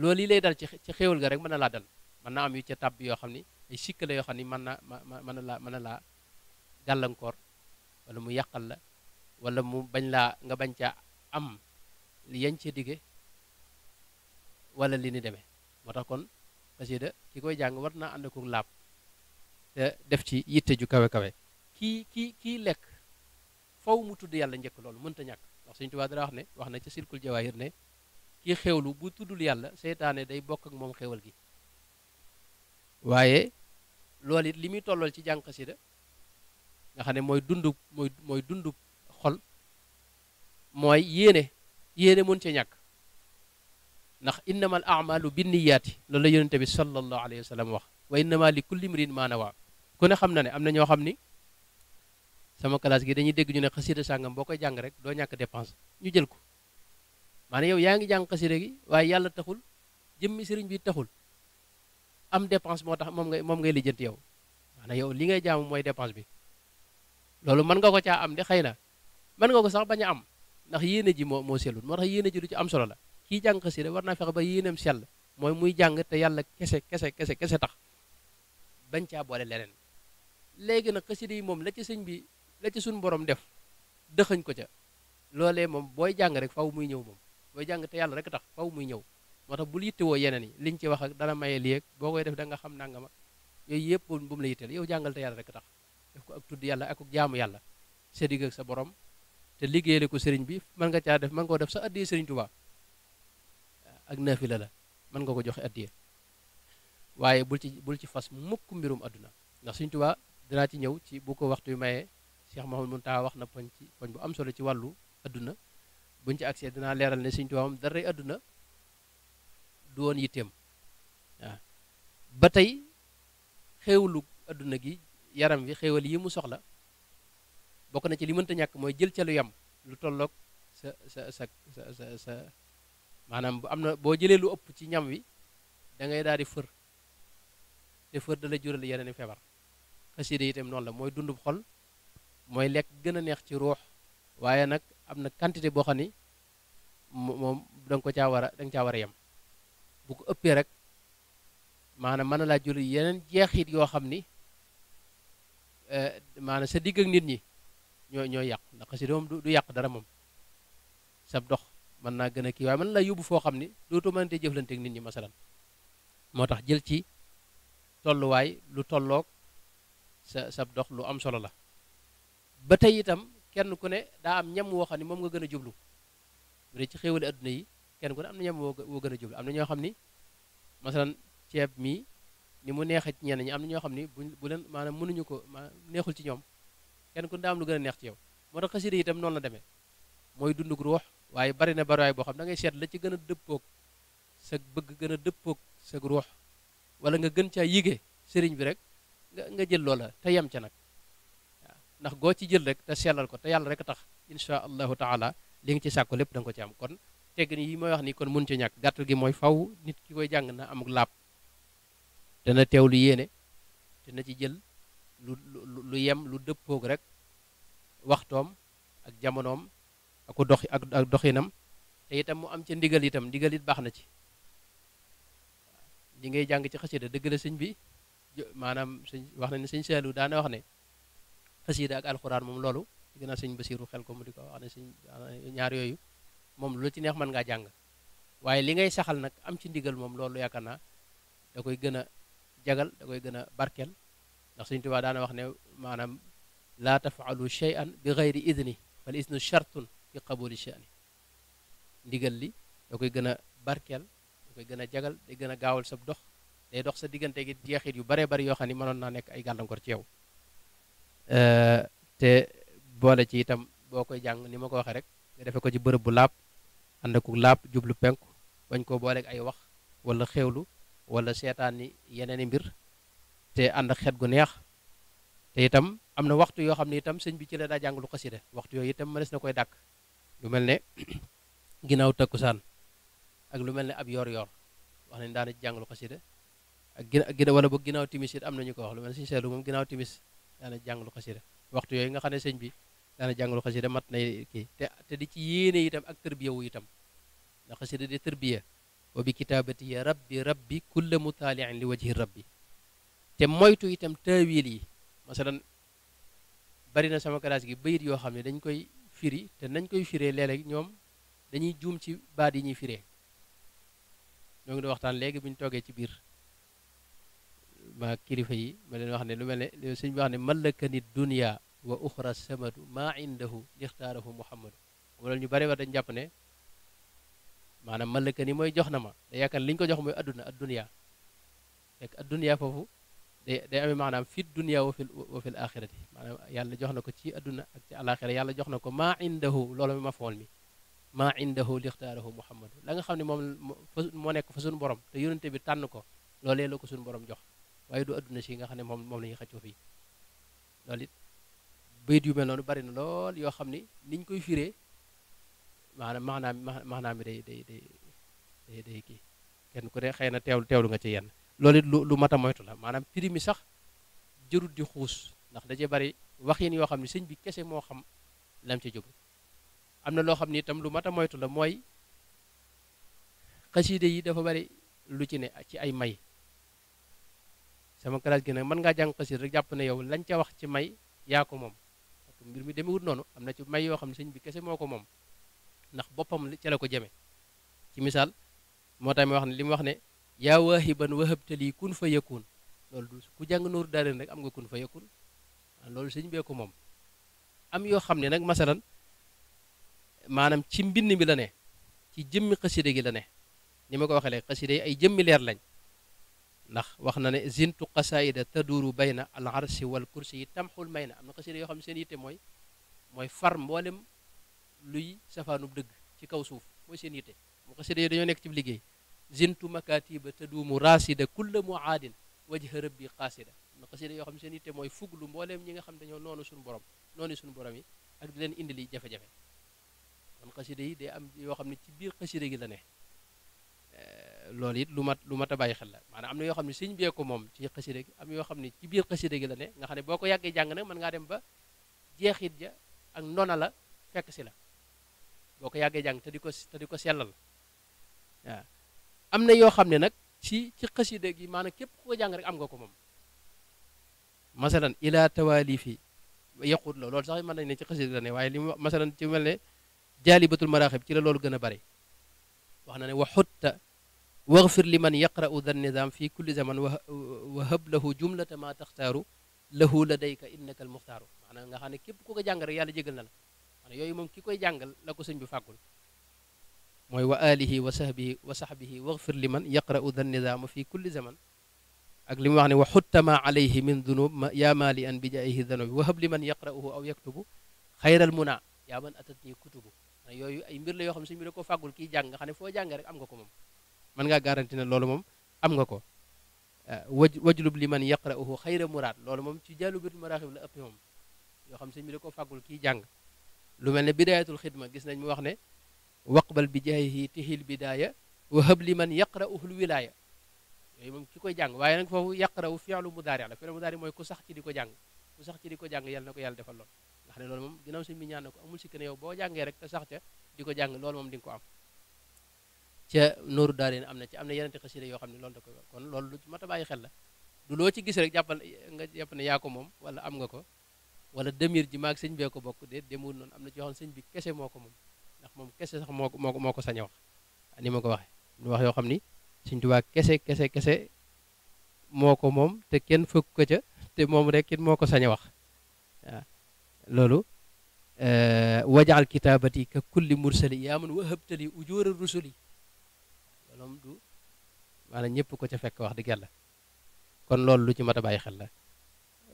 loolu yi lay dal ci ci xéewal ga rek mën na laa dal mën naa am yu ca tàbb yoo xam ni ay sikk la yoo xam ni mën na mën na laa mën na laa gàllankoor wala mu yàqal la wala mu bañ laa nga bañ caa am yañ ca digge wala li ni demee moo tax kon xasida ki koy jàng war naa ànd ko laab te def ci yitte ju kawe kawe kii kii kii lekk faw mu tudd yàlla njëkk loolu mënta ñàkk ndax Sëñ Tuubaa dara wax ne wax na ca silkul jawaahir ne kii xewlu bu tuddul yàlla seytaane day bokk ak moom xewal gi waaye lool it li muy tollool ci jàng xasida nga xam ne mooy dundub mooy mooy dundub xol mooy yéene yéene mun ci ñàkk ndax innama al amalu binniyaati loolu la yonente bi sallallahu alayhi wa sallam wax wa innama li kulli mrin ma nawa ku ne xam na ne am na ñoo xam ni sama classe gi dañuy dégg ñu ne xasida sàngam boo koy jàng rek doo ñàkk dépense ñu jël ko maanaam yow yaa ngi jàng xasida gi waaye yàlla taxul jëmmi sëriñ bi taxul am dépense moo moom ngay moom ngay lijjanti yow maanaam yow li ngay jaamu mooy dépense bi loolu mën nga ko caa am de xëy na mën nga ko sax bañ a am ndax yéene ji moo moo sellul moo tax yéene ji lu ci am solo la kii jàng xasida war naa fexe ba yéeneem sell mooy muy jàng te yàlla kese kese kese kese tax bañ caa boole leneen léegi nag xasida yi moom la ci sëñ bi la ci borom def dëxañ ko ca loolee moom booy jàng rek faw muy ñëw moom booy jàng te yàlla rek tax faw muy ñëw moo tax bul yittewoo yeneen yi liñ ci wax ak dana maye li ak boo koy def da nga xam nangama yooyu yëpp bu mu la yitteel yow jàngal te yàlla rek tax def ko ak tudd yàlla ak jaamu yàlla sa digg ak sa borom te liggéeyale ko sëriñ bi mën nga caa def mën nga ko def sa addiyee sëriñ Tuubaa ak la mën nga ko joxe addiyee waaye bul ci bul ci fas mukk mbirum àdduna ndax sëriñ Tuubaa danaa ci ñëw ci bu ko waxtu yu mayee Cheikh mun taa wax na poñ ci poñ bu am solo ci wàllu adduna buñ ci accès dinaa leeral ne sëriñ Tuubaa moom du woon yitteem waaw ba tey xéewlu àdduna gi yaram wi xéewal yi mu soxla bokk na ci li mënta ñàkk mooy jël ca lu yam lu tollook sa sa sa sa sa maanaam am na boo jëlee lu ëpp ci ñam wi dangay daal di fër te fër da la jural yeneen feebar xasida itam noonu la mooy dundub xol mooy lekk gën a neex ci ruux waaye nag am na quantité boo xam ni moom da ko caa war a da nga caa war a yem bu ko ëppee rek maanaam mën na laa jur yeneen jeexit yoo xam ni eh, maanaam sa digg nit ñi ñoo ñoo yàq ndax xasida du yàq dara moom sab dox mën naa gën a kii waaye mën na laa yóbbu foo xam ni dootoo mënante jëflante ak nit ñi masalan moo tax jël ci tolluwaay lu tollook sa sab dox lu am solo la ba tey itam kenn ku ne daa am ñam woo xam ne moom nga gën a jublu bu dee ci xéewali adduna yi kenn ku ne am na ñoom woo gën a am na ñoo xam ni masalan ceeb mii ni mu neex ci ñi am na ñoo xam ni bu bu leen maanaam mënuñu ko maanaam neexul ci ñoom kenn ku ne daa am lu gën a neex ci yow moo tax xasida tam noonu la demee mooy dundug ruux waaye bari na bariwaay boo xam da ngay seet la ci gën a dëppook sa bëgg gën a dëppook sa ruux wala nga gën caa yigee sëriñ bi rek nga jël loola te yem ca nag ndax goo ci jël rek te sellal ko te yàlla rek a tax insha allahu taala li nga ci sàkko lépp da ko ci am kon teggin yi mooy wax ni kon mun ci ñàkk gàttal gi mooy faw nit ki koy jàng na amuk laab dana teew teewlu yéene dana ci jël lu lu yem lu dëppoog rek waxtoom ak jamonoom ak ko dox ak doxinam te itam mu am ca ndigal itam ndigal it baax na ci li ngay jàng ci xasida dëgg la sëñ bi maanaam sëñ wax na ne sëñ seelu daana wax ne xasida ak alxuraan moom loolu di gën a sëñ basiru xel ko mu di ko wax ne sëñ ñaar yooyu moom lu ci neex mën ngaa jàng waaye li ngay saxal nag am ci ndigal moom loolu yaakaar naa da koy gën a jagal da koy gën a barkeel ndax Sëriñ Tuubaa daana wax ne maanaam laa tafaalu shay'an bi gayri idni fal idnu shartun fi qabuli li da koy gën a barkeel da koy gën a jagal gën a gaawal sab dox day dox sa diggante gi jeexit yu baree bari yoo xam ne manoon naa nekk ay gàllankoor ci yow te boole ci itam boo koy jàng ni ma ko waxee rek nga defe ko ci bërëb bu laab ànd ak laab jublu penku bañ koo booleeg ay wax wala xewlu wala seetaan ni yeneen i mbir te ànd ak xet gu neex te itam am na waxtu yoo xam ne itam sëñ bi ci la daa jàng lu xasida waxtu yooyu itam mënees na koy dàkk lu mel ne <clears throat> ginnaaw takkusaan ak lu mel ne ab yor-yor wax nañ daana ci jàng lu xasida ak gina wala boog timis it am na ñu ko wax lu mel ne suñu seetlu moom ginnaaw timis daana ci jàng lu xasida waxtu yooyu nga xam ne sëñ bi daana jàngalu xasida mat na kii te te di ci yéene itam ak tërbiya wu itam ndax xasida di tërbiya wa bi kitaabati ya rabbi rabbi kulla mutaaliin li wajhi rabbi te moytu itam taawil yi masalan bari na sama kalaas gi bayit yoo xam ne dañ koy firi te nañ koy firee léeg-léeg ñoom dañuy juum ci baat yi ñuy firee ñoo ngi doon waxtaan léegi bu ñu toogee ci biir ma kilifa yi ma leen wax ne lu mel ne sëñ bi wax ne malakani dunia wa uxra samadu maa indahu lixtaarahu muhammadu moom loolu ñu bari war dañ jàpp ne maanaam malaka ni mooy jox na ma da yaakaar liñ ko jox mooy àdduna adduniya fekk adduniya foofu day day amee maanaam fi dunia wa fi wa maanaam yàlla jox na ko ci àdduna ak ci alaxira yàlla jox na ko maa indahu loolu mi ma fool mi maa indahu lixtaarahu muhammadu la nga xam ne moom moo nekk fa suñu borom te yonente bi tànn ko loolee la ko suñu borom jox waaye du adduna si nga xam ne moom moom la ñuy xëccoo fii bayit yu mel noonu bari na lool yoo xam ni niñ koy firee maanaam maanaam maanaam mi day day day day kii kenn ko ne xëy na teewlu teewlu nga ci yenn lool it lu lu mat a moytu la maanaam prix mi sax jërut di xuus ndax daje bari wax yéen yoo xam ne sëñ bi kese moo xam lam ci jógu am na loo xam ni itam lu mat a moytu la mooy xaside yi dafa bari lu ci ne ci ay may sama classe gi nag mën ngaa jàng xaside rek jàpp na yow lañ ca wax ci may yaa ko moom mbir mi demewut noonu am na ci may yoo xam ne sëñ bi kese moo ko moom ndax boppam ca la ko jëme ci misaal moo tax mi wax ne li mu wax ne yaa waahiban wahabtali kun fa yakun loolu du ku jàng nooru rek am nga kun fa loolu sëñ bee ko moom am yoo xam ne nag masalan maanaam ci mbind mi la ne ci jëmmi xasida gi la ne ni ma ko waxee léegi xasida yi ay jëmmi leer lañ ndax wax na ne zintu qasaida taduru bayna al arsi wal kursi yi tamxul may na am na xasida yoo xam ne seen yitte mooy mooy far mboolem luy safaanu dëgg ci kaw suuf mooy seen yitte mu xasida dañoo nekk ci liggéey zintu makatiba taduumu raasida kulla muaadin wajha rabbi qaasida am na xasida yoo xam ne seen yitte mooy fuglu mbooleem ñi nga xam dañoo noonu suñu borom noonu suñu borom yi ak di leen indili jafe-jafe kon xasida yi day am yoo xam ne ci biir xasida gi la ne loolu it lu mat lu mata a bàyyi xel la maanaam am na yoo xam ne sëñ bee ko moom ci xasida gi am yoo xam ne ci biir xasida gi la ne nga xam ne boo ko yàggee jàng nag ja ak ndona la fekk si la boo ko yàggee jàng di ko te di ko sellal am na yoo xam ne nag si ci xasida gi maanaam képp ku ko jàng rek am nga ko moom masalan ila tawalifi yaqut la loolu sax mën nañ ne ci xasida la ne waaye li masalan ci mel ne jaalibatul maraaxib ci la loolu gën a bari wax na ne waxutta waxfir li man yaqra'u dha nizaam fi kulli zaman wa hab lahu jumlata ma taxtaaru lahu ladayka innaka al muxtaaru maanaam nga xam ne képp ku ko jàng rek yàlla jégal na la maanaam yooyu moom ki koy jàngal la ko sëñ bi fàggul mooy wa alihi wa sahbihi wa sahbihi waxfir li man yaqra'u dha nizaama fi kulli zaman ak li mu wax ne wa xutta ma alayhi min dunub yaa maali an bijaayihi danobi wa hab li man yaqra'uhu aw yaktubu xayral muna yaa man atatni kutubu yooyu ay mbir la yoo xam ne sëñ bi da ko fàggul kiy jàng nga xam ne foo jàng rek am nga ko moom man ngaa garanti na loolu moom am nga ko eh, waj wajlub li man yaqra'uhu xayra muraad loolu moom ci jaalubatul maraaxib la ëpp moom yoo xam sëñ bi da ko fàggul kii jàng lu mel ne bidaayatul xidma gis nañ mu wax ne waqbal bi jaahihi tihil bidaaya wa hab li man yaqra'uhul wilaaya yooyu moom ki koy jàng waaye nag foofu yaqra'u fi'lu mudaari la fi'lu mudaari mooy ku sax ci di ko jàng ku sax ci di ko jàng yal na ko yàlla defal lool nga xam ne loolu moom ginnaaw sëñ bi ñaan na ko amul si kenn yow boo jàngee rek te sax ca di ko jàng loolu moom di nga ko am ca nooru daareen am na ci am na yeneen xasida yoo xam ne loolu da ko kon loolu lu mat a bàyyi xel la du loo ci gis rek jàppal nga jàpp yaa ko moom wala am nga ko wala demir ji maag sëñ bee ko bokk déet demul noonu am na ci yoo xam ne sëñ bi kese ko moom ndax moom kese moo ko moo ko moo ko sañ a wax ni ma ko waxee ñu wax yoo xam ni sëñ Tuubaa kese kese kese moo ko moom te kenn fëkk ko ca te moom rek it moo ko sañ a wax waaw loolu eh, wajaal kitaabati ka kulli mursali yaa man wahabtali ujuura rusuli moom du maanaam ñëpp ko ca fekk wax dëgg yàlla kon loolu lu ci mat a bàyyi xel la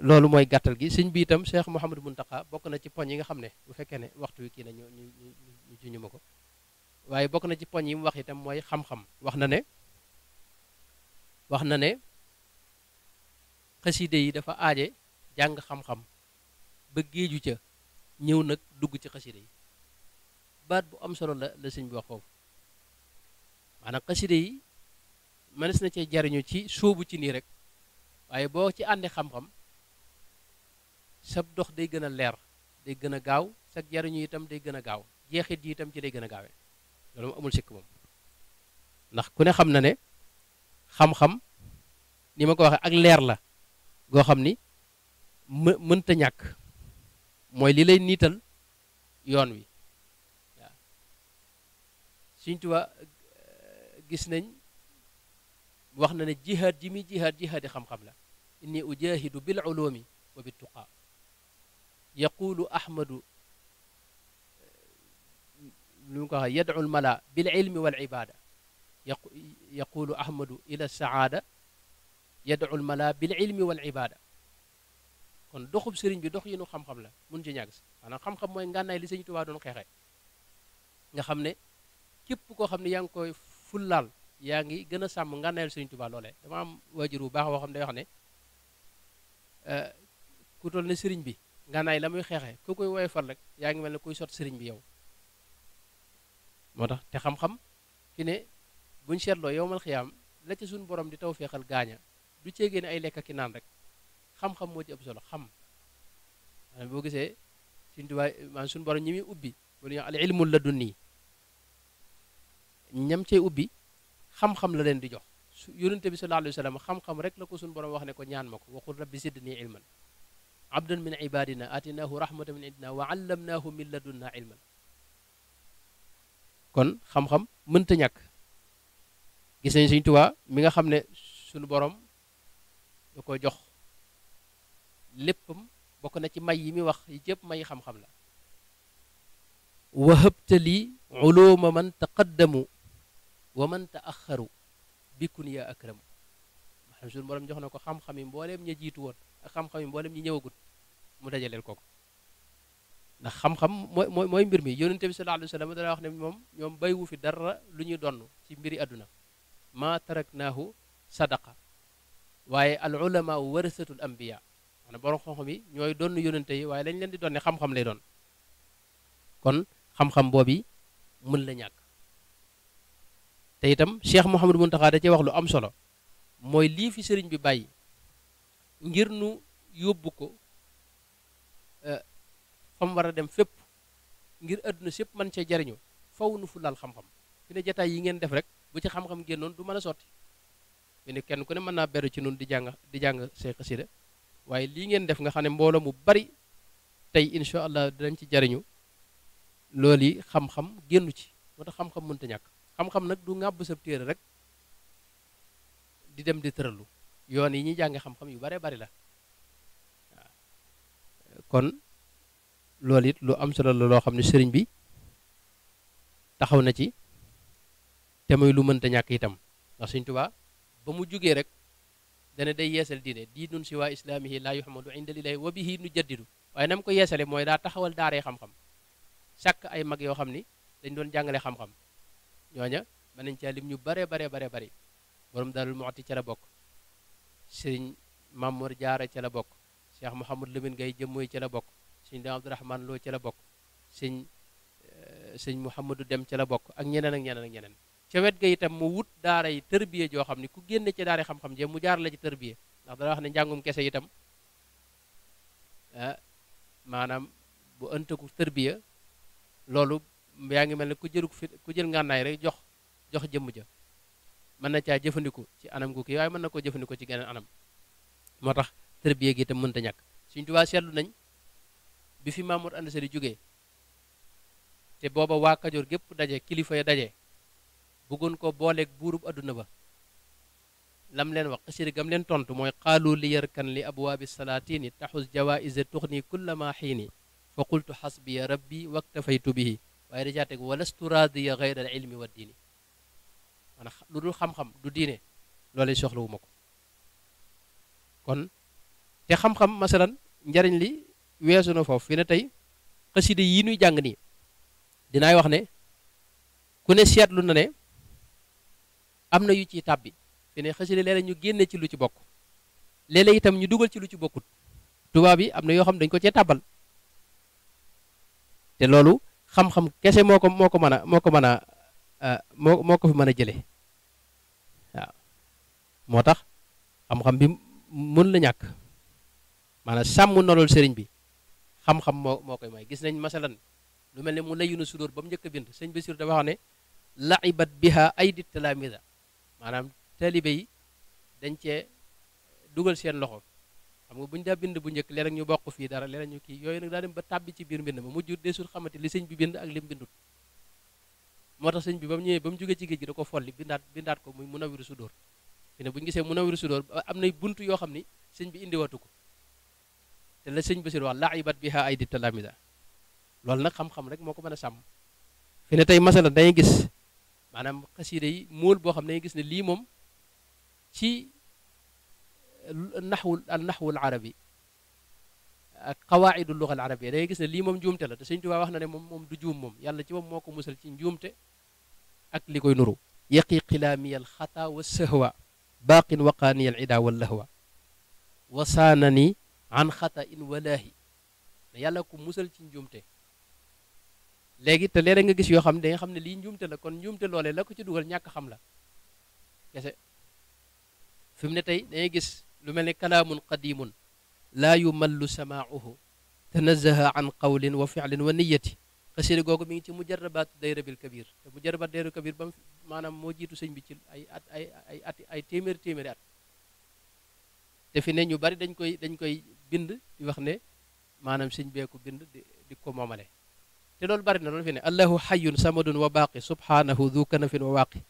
loolu mooy gàttal gi sëñ bi itam Cheikh Mouhamadou Mountakha bokk na ci poñ yi nga xam ne bu fekkee ne waxtu wi kii na ñu ñu ñu juñu ko waaye bokk na ci poñ yi mu wax itam mooy xam-xam wax na ne wax na ne xaside yi dafa aaje jàng xam-xam ba géeju ca ñëw nag dugg ci xaside yi baat bu am solo la la sëñ bi wax foofu maanaam xaside yi mënees na cee jariñu ci sóobu ci nii rek waaye boo ci àndee xam-xam sab dox day gën a leer day gën a gaaw sag jariñu itam day gën a gaaw jeexit yi itam ci day gën a gaawee loolu amul sikk moom ndax ku ne xam na ne xam-xam ni ma ko waxee ak leer la goo xam ni më mënta ñàkk mooy li lay niital yoon wi waaw Sëñ gis nañ wax na ne jihaad ji muy jihaad di xam-xam la inni ujahidu bil ulumi wa bit tuqa yaqulu ahmadu lu mu ko waxee yadcu lmala bil ilmi wal ibada yaqulu ahmadu ila saada yadcu lmala bil ilmi wal ibada kon doxub sëriñ bi dox yi nu xam-xam la mun ci ñàgg si maanaam xam-xam mooy ngànnaay li Sëriñ Tuubaa doon xeexee nga xam ne képp koo xam ne yaa koy fullaal yaa ngi gën a sàmm ngànnayal Sëriñ Tuubaa loole dama am waajur bu baax boo xam ne day wax ne eh, ku ne sëriñ bi ngànnaay la muy xeexee koo koy fal rek yaa ngi mel ne kuy sot sëriñ bi yow moo tax te xam-xam fi ne buñ seetloo yowmal xiyaam la suñu borom di taw feexal gaaña du ceegee ne ay lekk ak i naan rek xam-xam moo ci ëpp solo xam maanaam boo gisee Sëriñ Tuubaa maanaam suñu borom ñi muy ubbi wala ñu al ilmu ladunni ñam cee ubbi xam-xam la leen di jox su yonente bi sallallahu alayhi wa sallam xam-xam rek la ko suñu borom wax ne ko ñaan ma ko waxul rabbi zidni ilman abdan min ibadina atinahu rahmatan min indina wa allamnahu min ladunna ilman kon xam-xam ñàkk gis nañ Sëñ mi nga xam ne suñu boroom da ko jox léppam bokk na ci may yi muy wax yi jëpp may xam-xam la wa li uluma man taqaddamu wa man taaxaru bikun yaa akramu maanaam suñu borom jox na ko xam-xam yi mbooleem ña jiitu woon ak xam-xam yi mbooleem mu dajaleel ko ko ndax xam-xam mooy mooy mooy mbir mi yonente bi sallallahu alayhi wa dana wax ne moom ñoom bay wu fi dara lu ñuy donn ci mbiri àdduna ma taraknaahu sadaqa waaye al ulama warasatul ambiya maanaam borom xam-xam yi ñooy donn yonente yi waaye lañ leen di donne xam-xam lay doon kon xam-xam boobu mën la ñàkk te itam Cheikh Mouhamadou Mountakha da ci wax lu am solo mooy lii fi sëriñ bi bàyyi ngir nu yóbbu ko e, fam war a dem fépp ngir àdduna sépp mën cee jariñu faw nu fu laal xam-xam fi ne jataay yi ngeen def rek bu ci xam-xam génnoon du mën a sotti fi ne kenn ku ne mën naa beru ci noonu di jàng di jàng see xasida waaye lii ngeen def nga xam ne mbooloo mu bari tey incha allah dinañ ci jariñu loolu yi xam-xam génnu ci moo tax xam-xam mënta ñàkk xam-xam nag du ŋàbb sab téere rek di dem di tëralu yoon yi ñuy jànge xam-xam yu bare bari la kon loolu it lu am solo la loo xam ne sëriñ bi taxaw na ci te muy lu mënta ñàkk itam ndax Sëriñ Tuubaa ba mu jógee rek dana day yeesal diine diinun si waa islaamihi laa yuhamadu inda lillahi wa bihi nu jaddidu waaye na ko yeesale mooy daa taxawal daaree xam-xam sàkk ay mag yoo xam ni dañ doon jàngale xam-xam ñooña mën nañ caa lim ñu bare bare bare bari borom Daarul Muxti ca la bokk sëriñ Mamour Jaara ca la bokk Cheikh Mouhamadou Lamine Gaye jëmmooy ca la bokk sëñ Daam Abdourahman Lo ca la bokk sëñ eh, sëñ Mouhamadou Dem ca la bokk ak ñeneen ak ñeneen ak ñeneen ca wet ga itam mu wut daara yi tërbiye joo xam ne ku génn ci daara xam-xam je mu jaar la ci tërbiye ndax dana wax ne njàngum kese itam eh, maanaam bu ëntaku tërbiya loolu yaa ngi mel ne ku jël fi ku jël ngànnaay rek jox jox jëmm ja mën na caa jëfandiku ci anam gu kii waaye mën na koo jëfandiku ci geneen anam moo tax tërbiye gi itam mënta ñàkk suñ tubaa seetlu nañ bi fi Mamour Anta Sali jógee te booba waa Kajoor gépp daje kilifa ya daje bëggoon ko booleeg buurub àdduna ba lam leen wax asiri gam leen tontu mooy xaalu li kan li abwaabi salaatini taxus jawaïse tuxni kullama xiini fa qultu xasbiya rabbi waktafaytu bihi waaye da caa teg walastu raadiya gayra al ilmi wa diini man lu dul xam-xam du diine loolay soxlawu ma ko kon te xam-xam masalan njariñ li weesu na foofu fi ne tey xasida yii nuy jàng nii dinaay wax ne ku ne seetlu na ne am na yu ciy tàbbi fi ne xasida léeg ñu génne ci lu ci bokk léeg-léeg itam ñu dugal ci lu ci bokkut tubaab yi am na yoo xam dañ ko cee tàbbal te loolu xam-xam kese moo ko moo ko mën a moo ko mën a euh, moo moo ko fi mën a jëlee waaw moo tax xam-xam bi mun na ñàkk maanaam sàmm nolol sëriñ bi xam-xam moo moo koy may gis nañ masalan lu mel ne mu layyunu sudóor ba mu njëkk a bind sëñ Basiru dafa wax ne laibat biha aydi talaamida maanaam taalibe yi dañ cee dugal seen loxo xam nga bu ñu daa bind bu njëkk léeg-léeg ñu bokk fii dara léeg-léeg ñu kii yooyu nag daa dem ba tàbbi ci biir mbind ma mujj desul xamante li sëñ bi bind ak lim bindut moo tax sëñ bi ba mu ñëwee ba mu jógee ci géej gi da ko folli bindaat bindaat ko muy munawiru sudóor fi ne bu ñu gisee munawiru sudóor am nay bunt yoo xam ni sëñ bi indiwatu ko te la sëñ laa Basiir wax laibat biha aydi talamida loolu nag xam-xam rek moo ko mën a sàmm fi ne tey masala da gis maanaam xasiida yi mool boo xam ne dañuy gis ne lii moom ci naxwu al naxwu al arabi ak qawaayidu luga al arabia gis na lii moom njuumte la te Sëñ Tuubaa wax na ne moom moom du juum moom yàlla ci moom moo ko musal ci njuumte ak li koy nuru yaqi xilaamiya al xata wa sahwa baaqin waqaaniya al ida wal lahwa wasaanani an xata in walaahi yàlla ko musal ci njuumte léegi te léeg nga gis yoo xam ne da xam ne lii njuumte la kon njuumte loolee la ko ci dugal ñàkk xam la kese fi mu ne tey dangay gis lu mel ne kalaamun qadimun laa yumallu samaauhu tanazaha an qawlin wa filin wa niyati xasida googu mi ngi ci mujarabaatu dayrabil kabir te mujarabaat dayrabil kabir ba maanaam moo jiitu sëñ bi ci ay at ay ay at ay téeméeri téeméeri at te fi ne ñu bari dañ koy dañ koy bind di wax ne maanaam sëñ bee bind di ko moomale te loolu bari na loolu fi ne allahu xayun samadun wa baaqi subhanahu du kanafin wa waaqi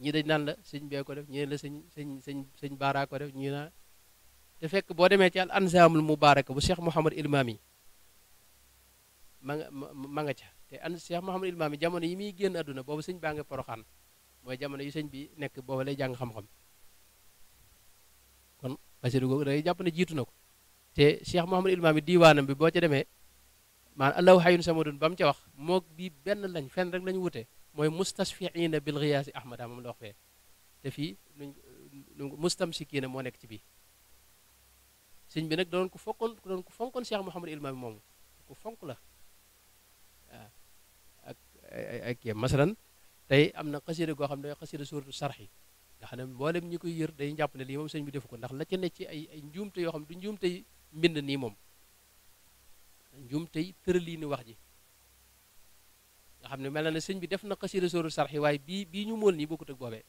ñii dañ naan la sëñ bee ko def ñii la sëñ sëñ sëñ sëñ te fekk boo demee ci al ansaamul mubaaraka bu Cheikh Mouhamad Ilmaami ma nga ma nga ca te an Cheikh Ilmaami jamono yi muy génn àdduna boobu sëñ baa ngi poroxaan mooy jamono yi sëñ bi nekk boobu lay jàng xam-xam kon xasida googu dangay jàpp ne jiitu na ko te Cheikh Mouhamad Ilmaami diiwaanam bi boo ca demee maanaam allahu hayun samadun ba mu ca wax moog bii benn lañ fenn rek lañ wute mooy mustasfiina bil xiyaasi ahmada moom la wax fee te fii mustamsikiina moo nekk ci bii sëñ bi nag doon ko fokkoon doon ko fonkoon Cheikh Mouhamadou Ilmaami moomu ku fonk la waaw ak ak yem masalan tey am na xasida goo xam ne xasida suuratu sarxi nga xam ne mboolem ñi koy yër day jàpp ne lii moom sëñ bi defu ko ndax la ca ci ay ay njuumte yoo xam ne du njuumte yi mbind nii moom njuumte yi ni wax ji nga xam ne mel na ne sëñ bi def na xasida suuratu sarxi waaye bii bii ñu móol nii boo ko ak boobee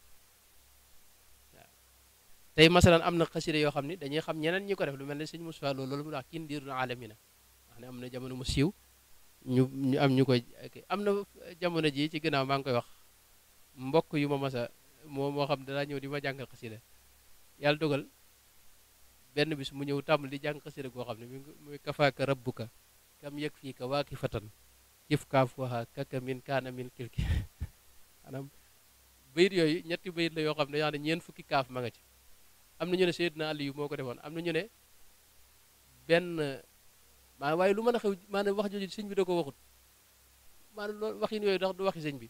tey masalan am na xasida yoo xam ne dañuy xam ñeneen ñi ko def lu mel ne sëñ Moussa loolu loolu mu wax kiin diirun alamina wax ne am na jamono mu siiw ñu ñu am ñu koy am na jamono jii ci gannaaw maa ngi koy wax mbokk yu ma masa moo moo xam daa ñëw di ma jàngal xasida yàlla dogal benn bis mu ñëw tàmbali di jàng xasida goo xam ne mi muy kafaaka rabbuka kam yëg fii ka waaki fatan kif kaaf waxa kaka min kaana min kilki <laughs> maanaam bayit yooyu ñetti bayit la yoo xam ne yoo xam ñeen fukki kaaf ma nga ci am na ñu ne Seydina Aliyu moo ko defoon am na ñu ne benn maanaam waaye lu mën a xew maanaam wax jooju sëñ bi da ko waxut maanaam loolu waxin yooyu ndax du waxi sëñ bi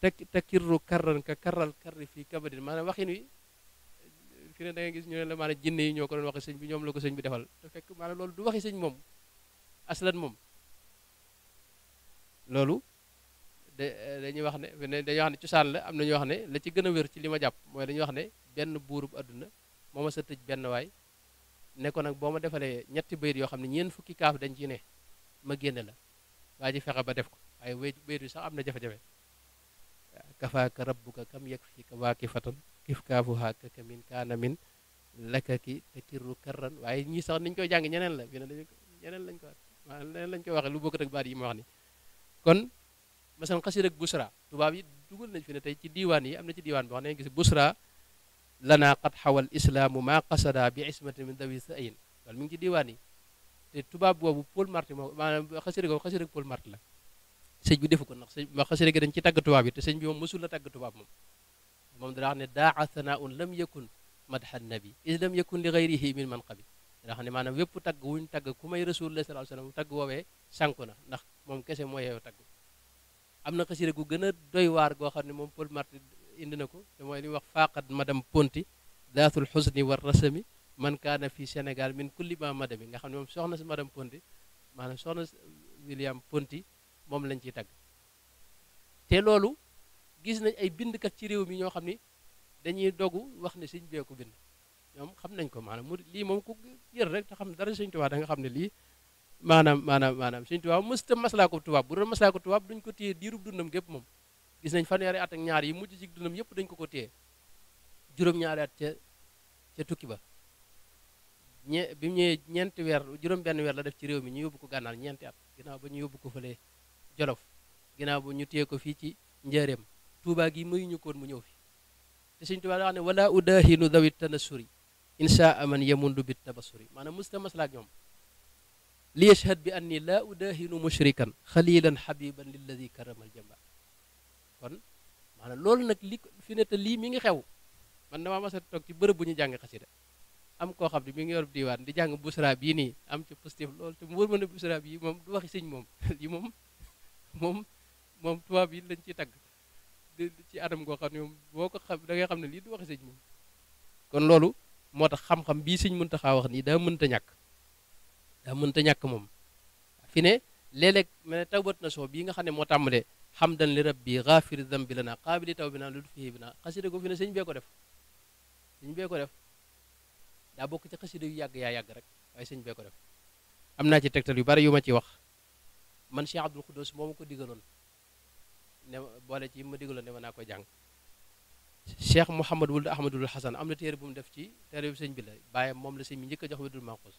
tak takirru karran ka karral karri fii kabadin maanaam waxin wi fi ne da nga gis ñu ne la maanaam jinne yi ñoo ko doon waxi sëñ bi ñoom la ko sëñ bi defal te fekk maanaam loolu du waxi sëñ moom aslan moom loolu dañuy wax ne dañuy wax ne cosaan la am na ñu wax ne la ci gën a wér ci li ma jàpp mooy dañuy wax ne benn bu àdduna moo ma sa tëj benn waay ne ko nag boo ma defalee ñetti bayit yoo xam ne ñeent fukki kaaf dañ ci ne ma génne la waa ji fexe ba def ko waaye bayit bi sax am na jafe-jafe kafaaka rabbuka kam yakfika waakifatan kif kaafuha kaka min kaana min lakaki takirru karran waaye ñii sax niñ koy jàng ñeneen la bi ne ñeneen lañ ko wa ñeneen koy waxee lu bokk ak baat yi ma wax ni kon masalan xasir ak busra tubaab yi dugal nañ fi ne tey ci diiwaan yi am na ci diiwaan boo xam ne gis busra lana qad xawal islaamu maa qasada bi ismati min dawi sayin loolu mi ngi ci diiwaan yi te tubaab boobu Paul Marty moo maanaam xasida googu xasida Paul Marty la sëñ bi defu ko ndax sëñ ma xasida gi dañ ci tàgg tubaab yi te sëñ bi moom mësul la tàgg tubaab moom moom dana wax ne daa thanaun lam yakun madhan nabi is lam yakun li gayrihi min manqabi dana wax ne maanaam wépp tagg wuñ tagg ku may rasulullah sallallahu alayhi wasallam tagg woowee sànku na ndax moom kese moo yeewu tagg am na xasida gu gën a doy waar goo xam ne moom Paul indi na ko te mooy li wax faaqat madame Ponti daatul xusni war rasami man kaana fii Sénégal min kulli ma madami nga xam ne moom soxna si madame Ponti maanaam soxna euh, William Ponti moom lañ ci tagg te loolu gis nañ ay bindkat ci réew mi ñoo xam ni dañuy dogu wax ne sëñ bee ko bind ñoom xam nañ ko maanaam mu lii moom ku jël rek te xam dara sëñ Tuubaa da xam ne lii maanaam maanaam maanaam sëñ Tuubaa mësta maslaa ko tubaab bu doon maslaa ko tubaab duñ ko téye diirub dundam gépp moom gis nañ fanweeri at ak ñaar yi mujj ci dundam yëpp dañ ko ko téye juróom-ñaari at ca tukki ba ñe bi mu ñeenti weer juróom-benn weer la def ci réew mi ñu yóbbu ko gànnaar ñeenti at ginnaaw ba ñu yóbbu ko fële jolof ginnaaw ba ñu téye ko fii ci njëreem tuubaa gi mayu koon mu ñëw fi te sëñ Tuubaa wax ne wala udaahinu dawi tanasuri insha aman yamundu bit tabasuri maanaam musta maslaak ñoom li yashhad bi an nii la a mushrikan xalilan habiban lilladi karamal jamba kon maanaam loolu nag li fi ne lii mi ngi xew man na mas a toog ci bërëb bu ñu jàng xasida am koo xam ne mi ngi yor diwaan di jàng busra bii ni am ci positif loolu te wóor ma ne busra bii moom du waxi sëñ moom <laughs> lii moom moom moom tubaab lañ ciy tagg ci adam goo boo ko xam da xam ne lii du waxi sëñ moom kon loolu moo tax xam-xam bii sëñ Muntaxa wax nii daa mënta ñàkk daa mënta ñàkk moom fi ne léeg-léeg ma ne tawbat na soo bii nga xam ne moo tàmbalee xamdan li rabbi gaafiri dambi lana qaabili taw bi naa lu fihi bi naa xasida ko fi ne sëñ bee ko def sëñ bee ko def daa bokk ci yu yàgg yaa yàgg rek waaye sëñ bee ko def am naa ci tegtal yu bari yu ma ci wax man Cheikh Abdul Xudoos moo ko digaloon ne boole ci ma digaloon ne naa ko jàng Cheikh Mouhamad Wuld Ahmadul Hasan am na téere bu mu def ci téere bi sëñ bi la bàyyam moom la sëñ bi njëkk a jox Wadul Manqus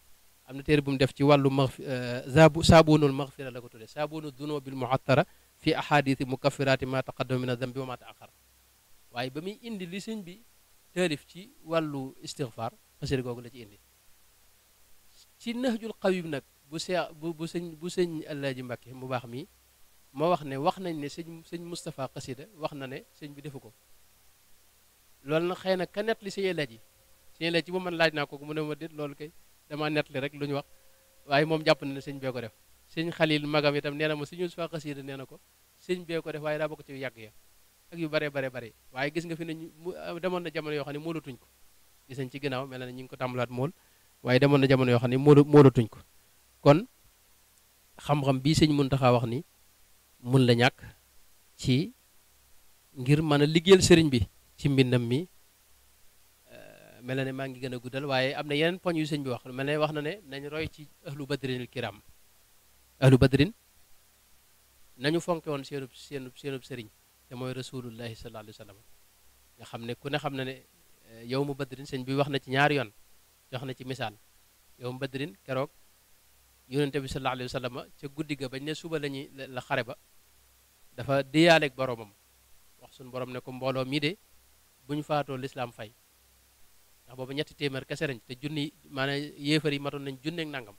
am na téere bu mu def ci wàllu mag euh, saabuunul magfira la ko tudde saabuunu duno bil muattara fi ahadisi mukaffirati ma taqaddama min adambi wa ma taaxar waaye ba muy indi li sëñ bi taalif ci wàllu istixfar xasida googu la ci indi ci nahjul xawim nag bu see bu bu sëñ bu sëñ Allaaji Mbàkke mu baax mii moo wax ne wax nañ ne sëñ sëñ Moustapha xasida wax na ne sëñ bi defu ko loolu na xëy na ka nett li sëñ Allaaji sëñ Allaaji bu man laaj naa ko mu ne ma déet lool kay damaa nett li rek lu wax waaye moom jàpp na ne sëñ bee ko def sëñ xalil magam itam nee na ma sëñ Yuusufa xasiida nee na ko sëñ bee ko def waaye daa bokk ci yàgg ya ak yu bare bare bare waaye gis nga fi ne ah, demoon na jamono yoo xam ne moolatuñ ko gis ci ginnaaw mel na ñu ngi ko tàmbalaat mool waaye demoon na jamono yoo xam ne moolu moolatuñ ko kon xam-xam bii sëñ taxa wax ni mun la ñàkk ci ngir mën a liggéeyal sëriñ bi ci mbindam mi eh, mel na ne maa ngi gën a guddal waaye am na yeneen poñ yu sëñ bi wax mel ne wax na ne nañ roy ci ahlu badrinil kiram ahlu badrin nañu fonke woon seenub seenub seenub sëriñ te mooy rasulullahi sallallahu alayhi wa sallam nga xam ne ku ne xam na ne eh, yow mu badrin sëñ bi wax na ci ñaari yoon jox na ci misaal yow mu badrin keroog yonente bi sallallahu alayhi wa sallam ca guddi ga bañ ne suba la la xare ba dafa diyaaleeg boromam wax suñu borom ne ko mbooloo mii de bu ñu faatoo lislaam fay ndax boobu ñetti téeméer kese lañ te junni maanaam yéefar yi matoon nañ junneeg nangam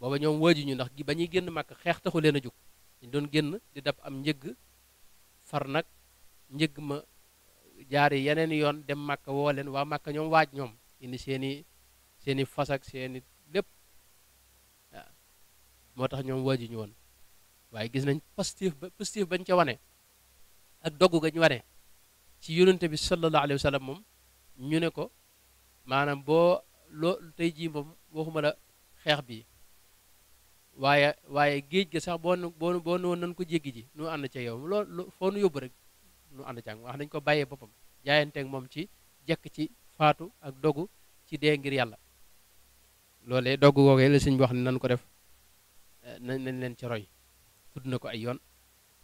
booba ñoom waaju ñu ndax ba ñuy génn màkk xeex taxu leen a jóg dañ doon génn di dab am njëg far nag njëgg ma jaare yeneen yoon dem màkk woo leen waa màkk ñoom waaj ñoom indi seeni seeni fas ak seeni lépp moo tax ñoom waaju ñu woon waaye gis nañ positif ba positif bañ ca wane ak doggu gañ wane ci yonente bi sallallahu alayhi wa moom ñu ne ko maanaam boo loo tey jii moom waxuma la xeex bii waaye waaye géej ga sax boo nu boo nu woon nañ ko jéggi ji nu ànd ca yow loolu foo nu yóbbu rek nu ànd ca wax nañ ko bàyyee boppam jaayanteeg moom ci jekk ci faatu ak dogu ci dee ngir yàlla loolee dogu googee la sëñ bi wax ne nan ko def eh, nañ nañ leen ci roy tudd na ko ay yoon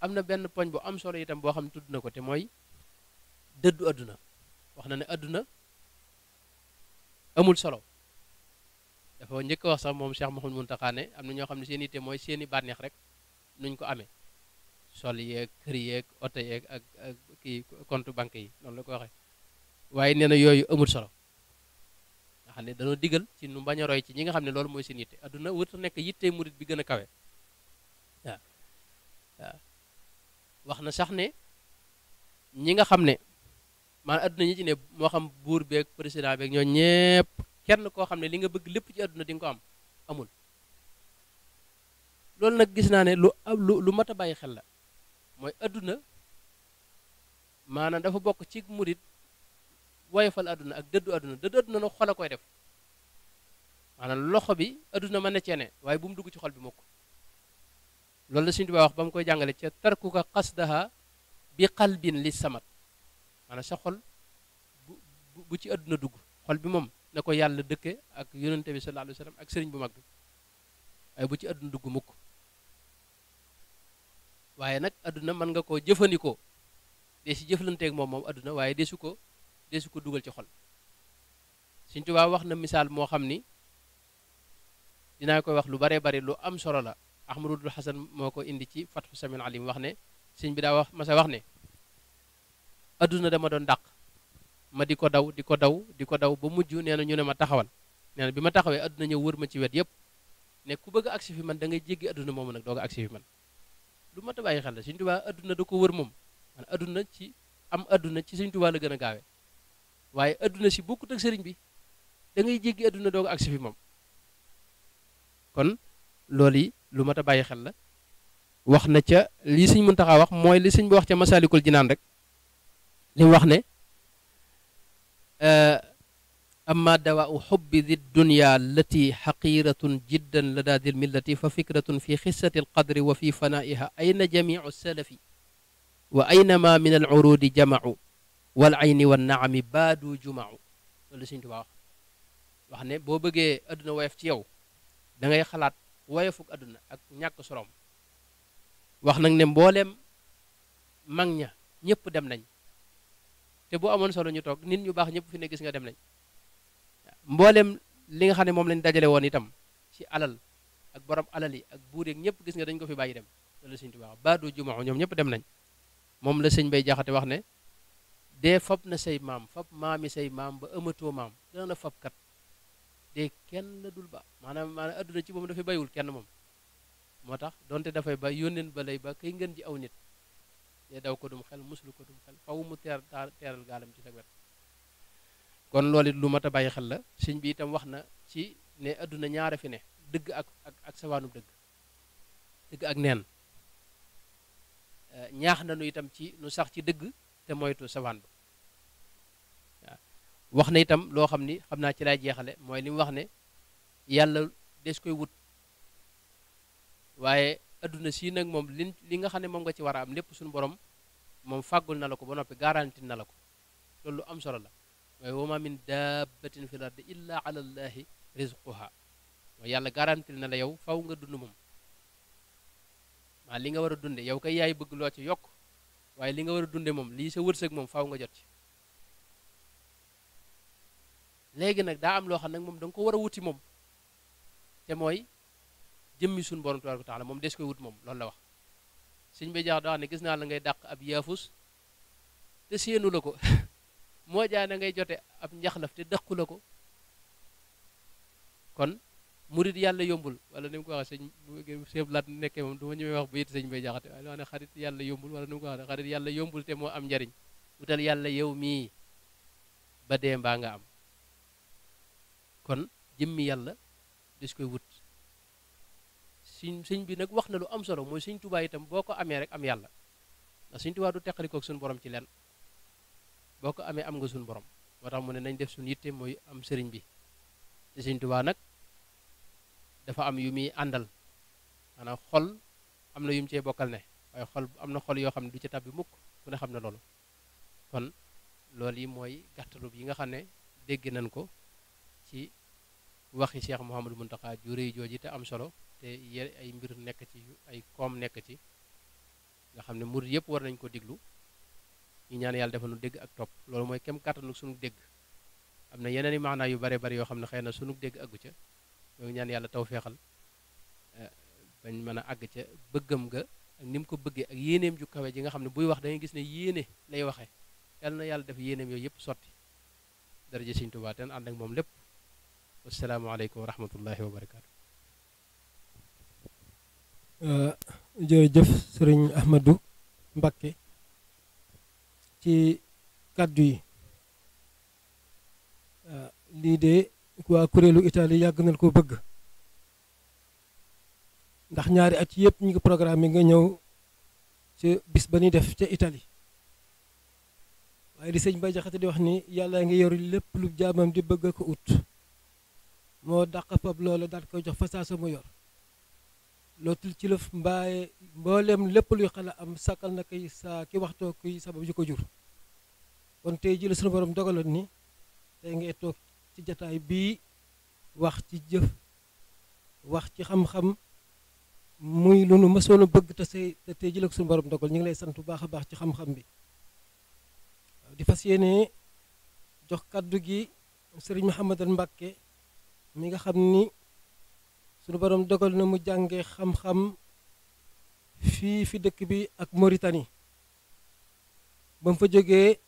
am na benn poñ bu am solo itam boo xam ne tudd na ko te mooy dëddu àdduna wax na ne àdduna amul solo dafa njëkk wax sax moom Cheikh Mouhamadou Mountakha ne am na ñoo xam ne seen yitte mooy seen i bànneex rek nuñ ko amee sol yeeg kër yeeg oto yeeg ak ak kii compte banque yi noonu la ko waxee waaye nee na yooyu amul solo nga xam ne dañoo digal ci nu bañ a roy ci ñi nga xam ne loolu mooy seen yitte adduna wut nekk yitte murit bi gën a kawe waaw wax na sax ne ñi nga xam ne maanaam adduna ñi ci ne moo xam buur beeg président beeg ñoo ñëpp kenn koo xam ne li nga bëgg lépp ci àdduna di nga ko am amul loolu nag gis naa ne lu lu lu mat a bàyyi xel la mooy àdduna maanaam dafa bokk ci murit woyofal àdduna ak dëddu àdduna dëddu àdduna na xol a koy def maanaam loxo bi àdduna ma na ceene waaye bu mu dugg ci xol bi mukk loolu la Sëñ Tuubaa wax ba mu koy jàngale ca tarkuka qasdaha bi qalbin li samat maanaam sa xol bu bu ci àdduna dugg xol bi moom na ko yàlla dëkke ak yonente bi sallallahu alayhi ak sëriñ bu mag bi waaye bu ci àdduna dugg mukk waaye nag àdduna mën nga koo jëfandikoo dee si jëflanteeg moom moom àdduna waaye desu ko desu ko dugal ci xol Sëñ Tuubaa wax na misaal moo xam ni dinaa koy wax lu baree bari lu am solo la Ahmadul Hasan moo ko indi ci Fathu Samil Alim wax ne sëñ bi daa wax masa wax ne àdduna dama doon dàq ma di ko daw di ko daw di ko daw ba mujj nee na ñu ne ma taxawal nee na bi ma taxawee adduna ñëw wër ma ci wet yëpp ne ku bëgg a agsi fi man dangay ngay jéggi adduna moomu nag doog a agsi fi man lu mat a bàyyi xel la Sëñ Tuubaa adduna da ko wër moom man adduna ci am adduna ci Sëñ Tuubaa gën a gaawee waaye adduna si bokkut ak sëriñ bi da ngay jéggi adduna doog a moom kon loolu lu mat a bàyyi xel la wax na ca lii Sëñ Muntaxa wax mooy li sëñ bi wax ca Masaalikul Jinaan rek li wax ne أما دواء حب ذي الدنيا التي حقيرة جدا لدى ذي الملة ففكرة في خسة القدر وفي فنائها أين جميع السلف وأينما من العروض جمعوا والعين والنعم baadu jumau loolu Sëñ Tuubaa wax ne boo bëggee àdduna woyof ci yow da ngay xalaat woyofuk àdduna ak ñàkk soroom wax nag ne mbooleem mag ña ñëpp dem nañ te boo amoon solo ñu toog nit ñu baax ñëpp fi ne gis nga dem nañ mboolem li nga xam ne moom lañ dajale woon itam ci alal ak borom alal yi ak buur yeeg ñëpp gis nga dañ ko fi bàyyi dem loolu sëñ Tuubaa baadu jumaa ñoom ñëpp dem nañ moom la sëñ Bay Jaxate wax ne dee fab na say maam fab maami say maam ba ëmmatoo maam dana la fab dee kenn dul ba maanaam maanaam adduna ci moom dafay bayiwul kenn moom moo tax donte dafay ba yónneen ba lay ba ngeen ji aw nit te daw ko dum xel muslu ko dum xel faw mu teer teeral gaalam ci sa kon loolu it lu mat a bàyyi xel la sëñ bi itam wax na ci ne adduna ñaara fi dëgg ak dëgg dëgg ak neen eh, ñaax na itam ci nu sax ci dëgg te moytu sawaan ba wax na itam loo xam ni xam naa ci laay jeexale mooy lim wax ne yàlla des koy wut waaye adduna sii nag moom li li nga xam ne moom nga ci war am lépp suñu borom moom fàggul na la ko ba noppi garanti na la ko loolu am solo la mooy wa min dabbatin fil ardi illa ala rizquha mooy yàlla garanti na la yow faw nga dund moom maa li nga war a dunde yow kay yaay bëgg loo ci yokk waaye li nga war a dunde moom lii sa wërsëg moom faw nga jot ci léegi nag daa am loo xam nag moom danga ko war a wuti moom te mooy jëmmi suñu borom tabaaraka taala moom des koy wut moom loolu la wax ba bay jaax daa ne gis naa la ngay dàq ab yaafus te séenu la ko <laughs> moo jaa ngay jote ab njaxlaf te dëqu la ko kon murid yàlla yombul wala ni mu ko waxee sëñ seeb laat nekkee moom du ma ñëwee wax bu it sëñ bay jaaxate waaye wax ne xarit yàlla yombul wala ni mu ko waxee xarit yàlla yombul te moo am njariñ wutal yàlla yow mii ba dee mbaa nga am kon jëmmi yàlla des koy wut sëñ siñ bi nag wax na lu am solo mooy sëñ Tuubaa itam boo ko amee rek am yàlla ndax sëñ Tuubaa du teqalikoo ak suñu borom ci lenn boo ko amee am nga suñu borom moo tax mu ne nañ def suñu yitte mooy am sëriñ bi te sëñ Tuubaa nag dafa am yu muy àndal maanaam xol am na yu mu cee bokkal ne waaye xol am na xol yoo xam ne du ci tabbi mukk ku ne xam ne loolu kon loolu yi mooy gàttalu yi nga xam ne dégg nañ ko ci waxi Cheikh Mouhamadou Mountakha ju réy jooji te am solo te ay mbir nekk ci ay koom nekk ci nga xam ne murid yëpp war nañ ko diglu ñu ñaan yàlla dafa nu dégg ak topp loolu mooy kem kàttanu sunu dégg am na yeneen i maxna yu bare bari yoo xam ne xëy na sunu dégg agu ca ñoo ñaan yàlla taw feexal eh, bañ mën a àgg ca bëggam nga ak ni mu ko bëggee ak yéeneem ju kawe ji nga xam ne buy wax da gis ne yéene lay waxee yàlla na yàlla def yéeneem yooyu yëpp sotti daraja Sëriñ Tuubaa ten ànd ak moom lépp wassalaamu aleykum Uh, jërëjëf sëriñ Ahmadou mbakke ci kàddu yi uh, lii de waa kuréelu itali yàgg nañ ko bëgg ndax ñaari at yëpp ñu ngi programme nga ñëw ci bis ba ñuy def ca itali waaye di sëñ ba Jaxate di wax ni yàlla ngi yor lépp lu jaamam di bëgg ko ut moo dàq fab loolu daal koy jox fa saa sama yor lootul ci lëf mbaaye mbooleem lépp luy xala am sàkkal na koy saa ki waxtoo kuy sabab ji ko jur kon tey ji la sunu borom dogaloon ni tey ngay toog ci jataay bii wax ci jëf wax ci xam-xam muy lu nu mësoon a bëgg te say tey ji sunu borom dogal ñu ngi lay sant bu baax a baax ci xam-xam bi di fas yéene jox kàddu gi sëriñ Mouhamadou Mbacké mi nga xam ni sunu borom dogal na mu jànge xam-xam fii fi dëkk bi ak Mauritanie ba mu fa jógee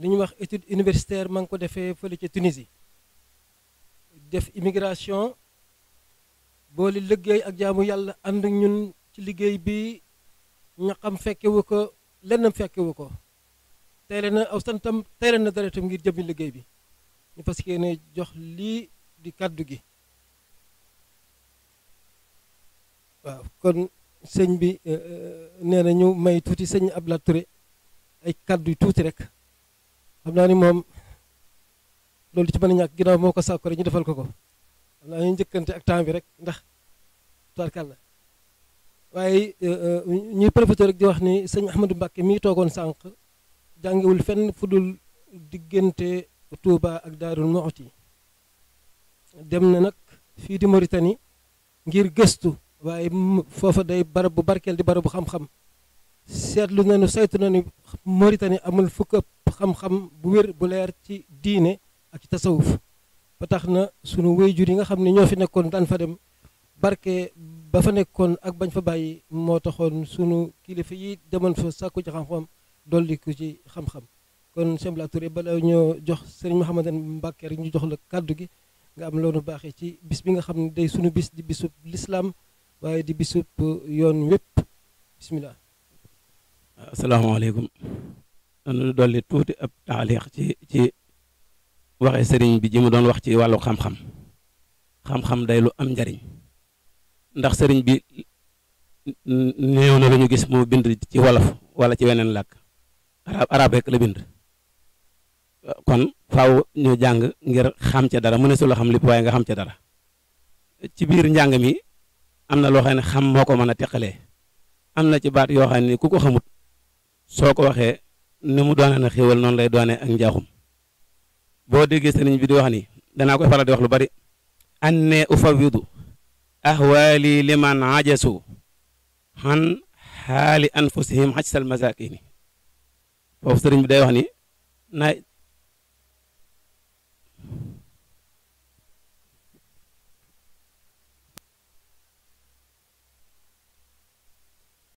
li ñuy wax étude universitaire ma ngi ko defee fële ca Tunisie def immigration boole liggéey ak jaamu yàlla ànd ñun ci liggéey bi ñaqam fekkewu ko lenn fekkewu ko teyle na aw santam teyle na deretam ngir jëmmi liggéey bi ñu fas yéene jox lii di kàddu gi waaw kon sëñ bi eh, eh, nee na ñu may tuuti sëñ Abdoulaye Touré ay kàddu yu tuuti rek xam naa ni moom loolu ci mën a ñàkk ginnaaw moo ko sàkku rek ñu defal ko ko xam naa ñu njëkkante ak temps bi rek ndax la waaye eh, ñuy profité rek di wax ni sëñ Ahmadou Mbacke mi toogoon sànq jàngewul fenn fu dul diggante tuuba ak Daarul yi dem na nag fii di Mauritanie ngir gëstu waaye foofa day barab bu barkeel di barab bu xam-xam seetlu nañu saytu nañu Mauritanie amul fukk xam-xam bu wér bu leer ci diine ak ci tasawuf ba tax na sunu jur yi nga xam ne ñoo fi nekkoon daan fa dem barke ba fa nekkoon ak bañ fa bàyyi moo taxoon sunu kilifa yi demoon fa sàkku ci xam-xam dolli ko ci xam-xam kon Cheikh Bala Touré bala ñoo jox Serigne Mouhamadou Mbacké rek ñu jox la kàddu gi nga am loolu baaxee ci bis bi nga xam ne day sunu bis di lislaam waaye di bisub yoon wépp bisimilah. asalaamaaleykum nu dolli tuuti ab taaliix ci ci sëriñ bi ji mu doon wax ci wàllu xam-xam xam-xam day lu am njariñ ndax sëriñ bi néew na lu gis mu bind ci wolof wala ci weneen làkk arab arab rek la bind kon faaw ñu jàng ngir xam ca dara mu ne su la xam lépp waaye nga xam ca dara ci biir njàng mi am na loo xam ne xam moo ko mën a teqalee am na ci baat yoo xam ne ku ko xamut soo ko waxee ni mu doone na xéwal noonu lay doone ak njaaxum boo déggee sëriñ bi di wax ni danaa koy faral di wax lu bari anne ufawidu ahwaali liman ajasu xan xaali anfusihim xajsal masakini foofu sëriñ bi day wax ni na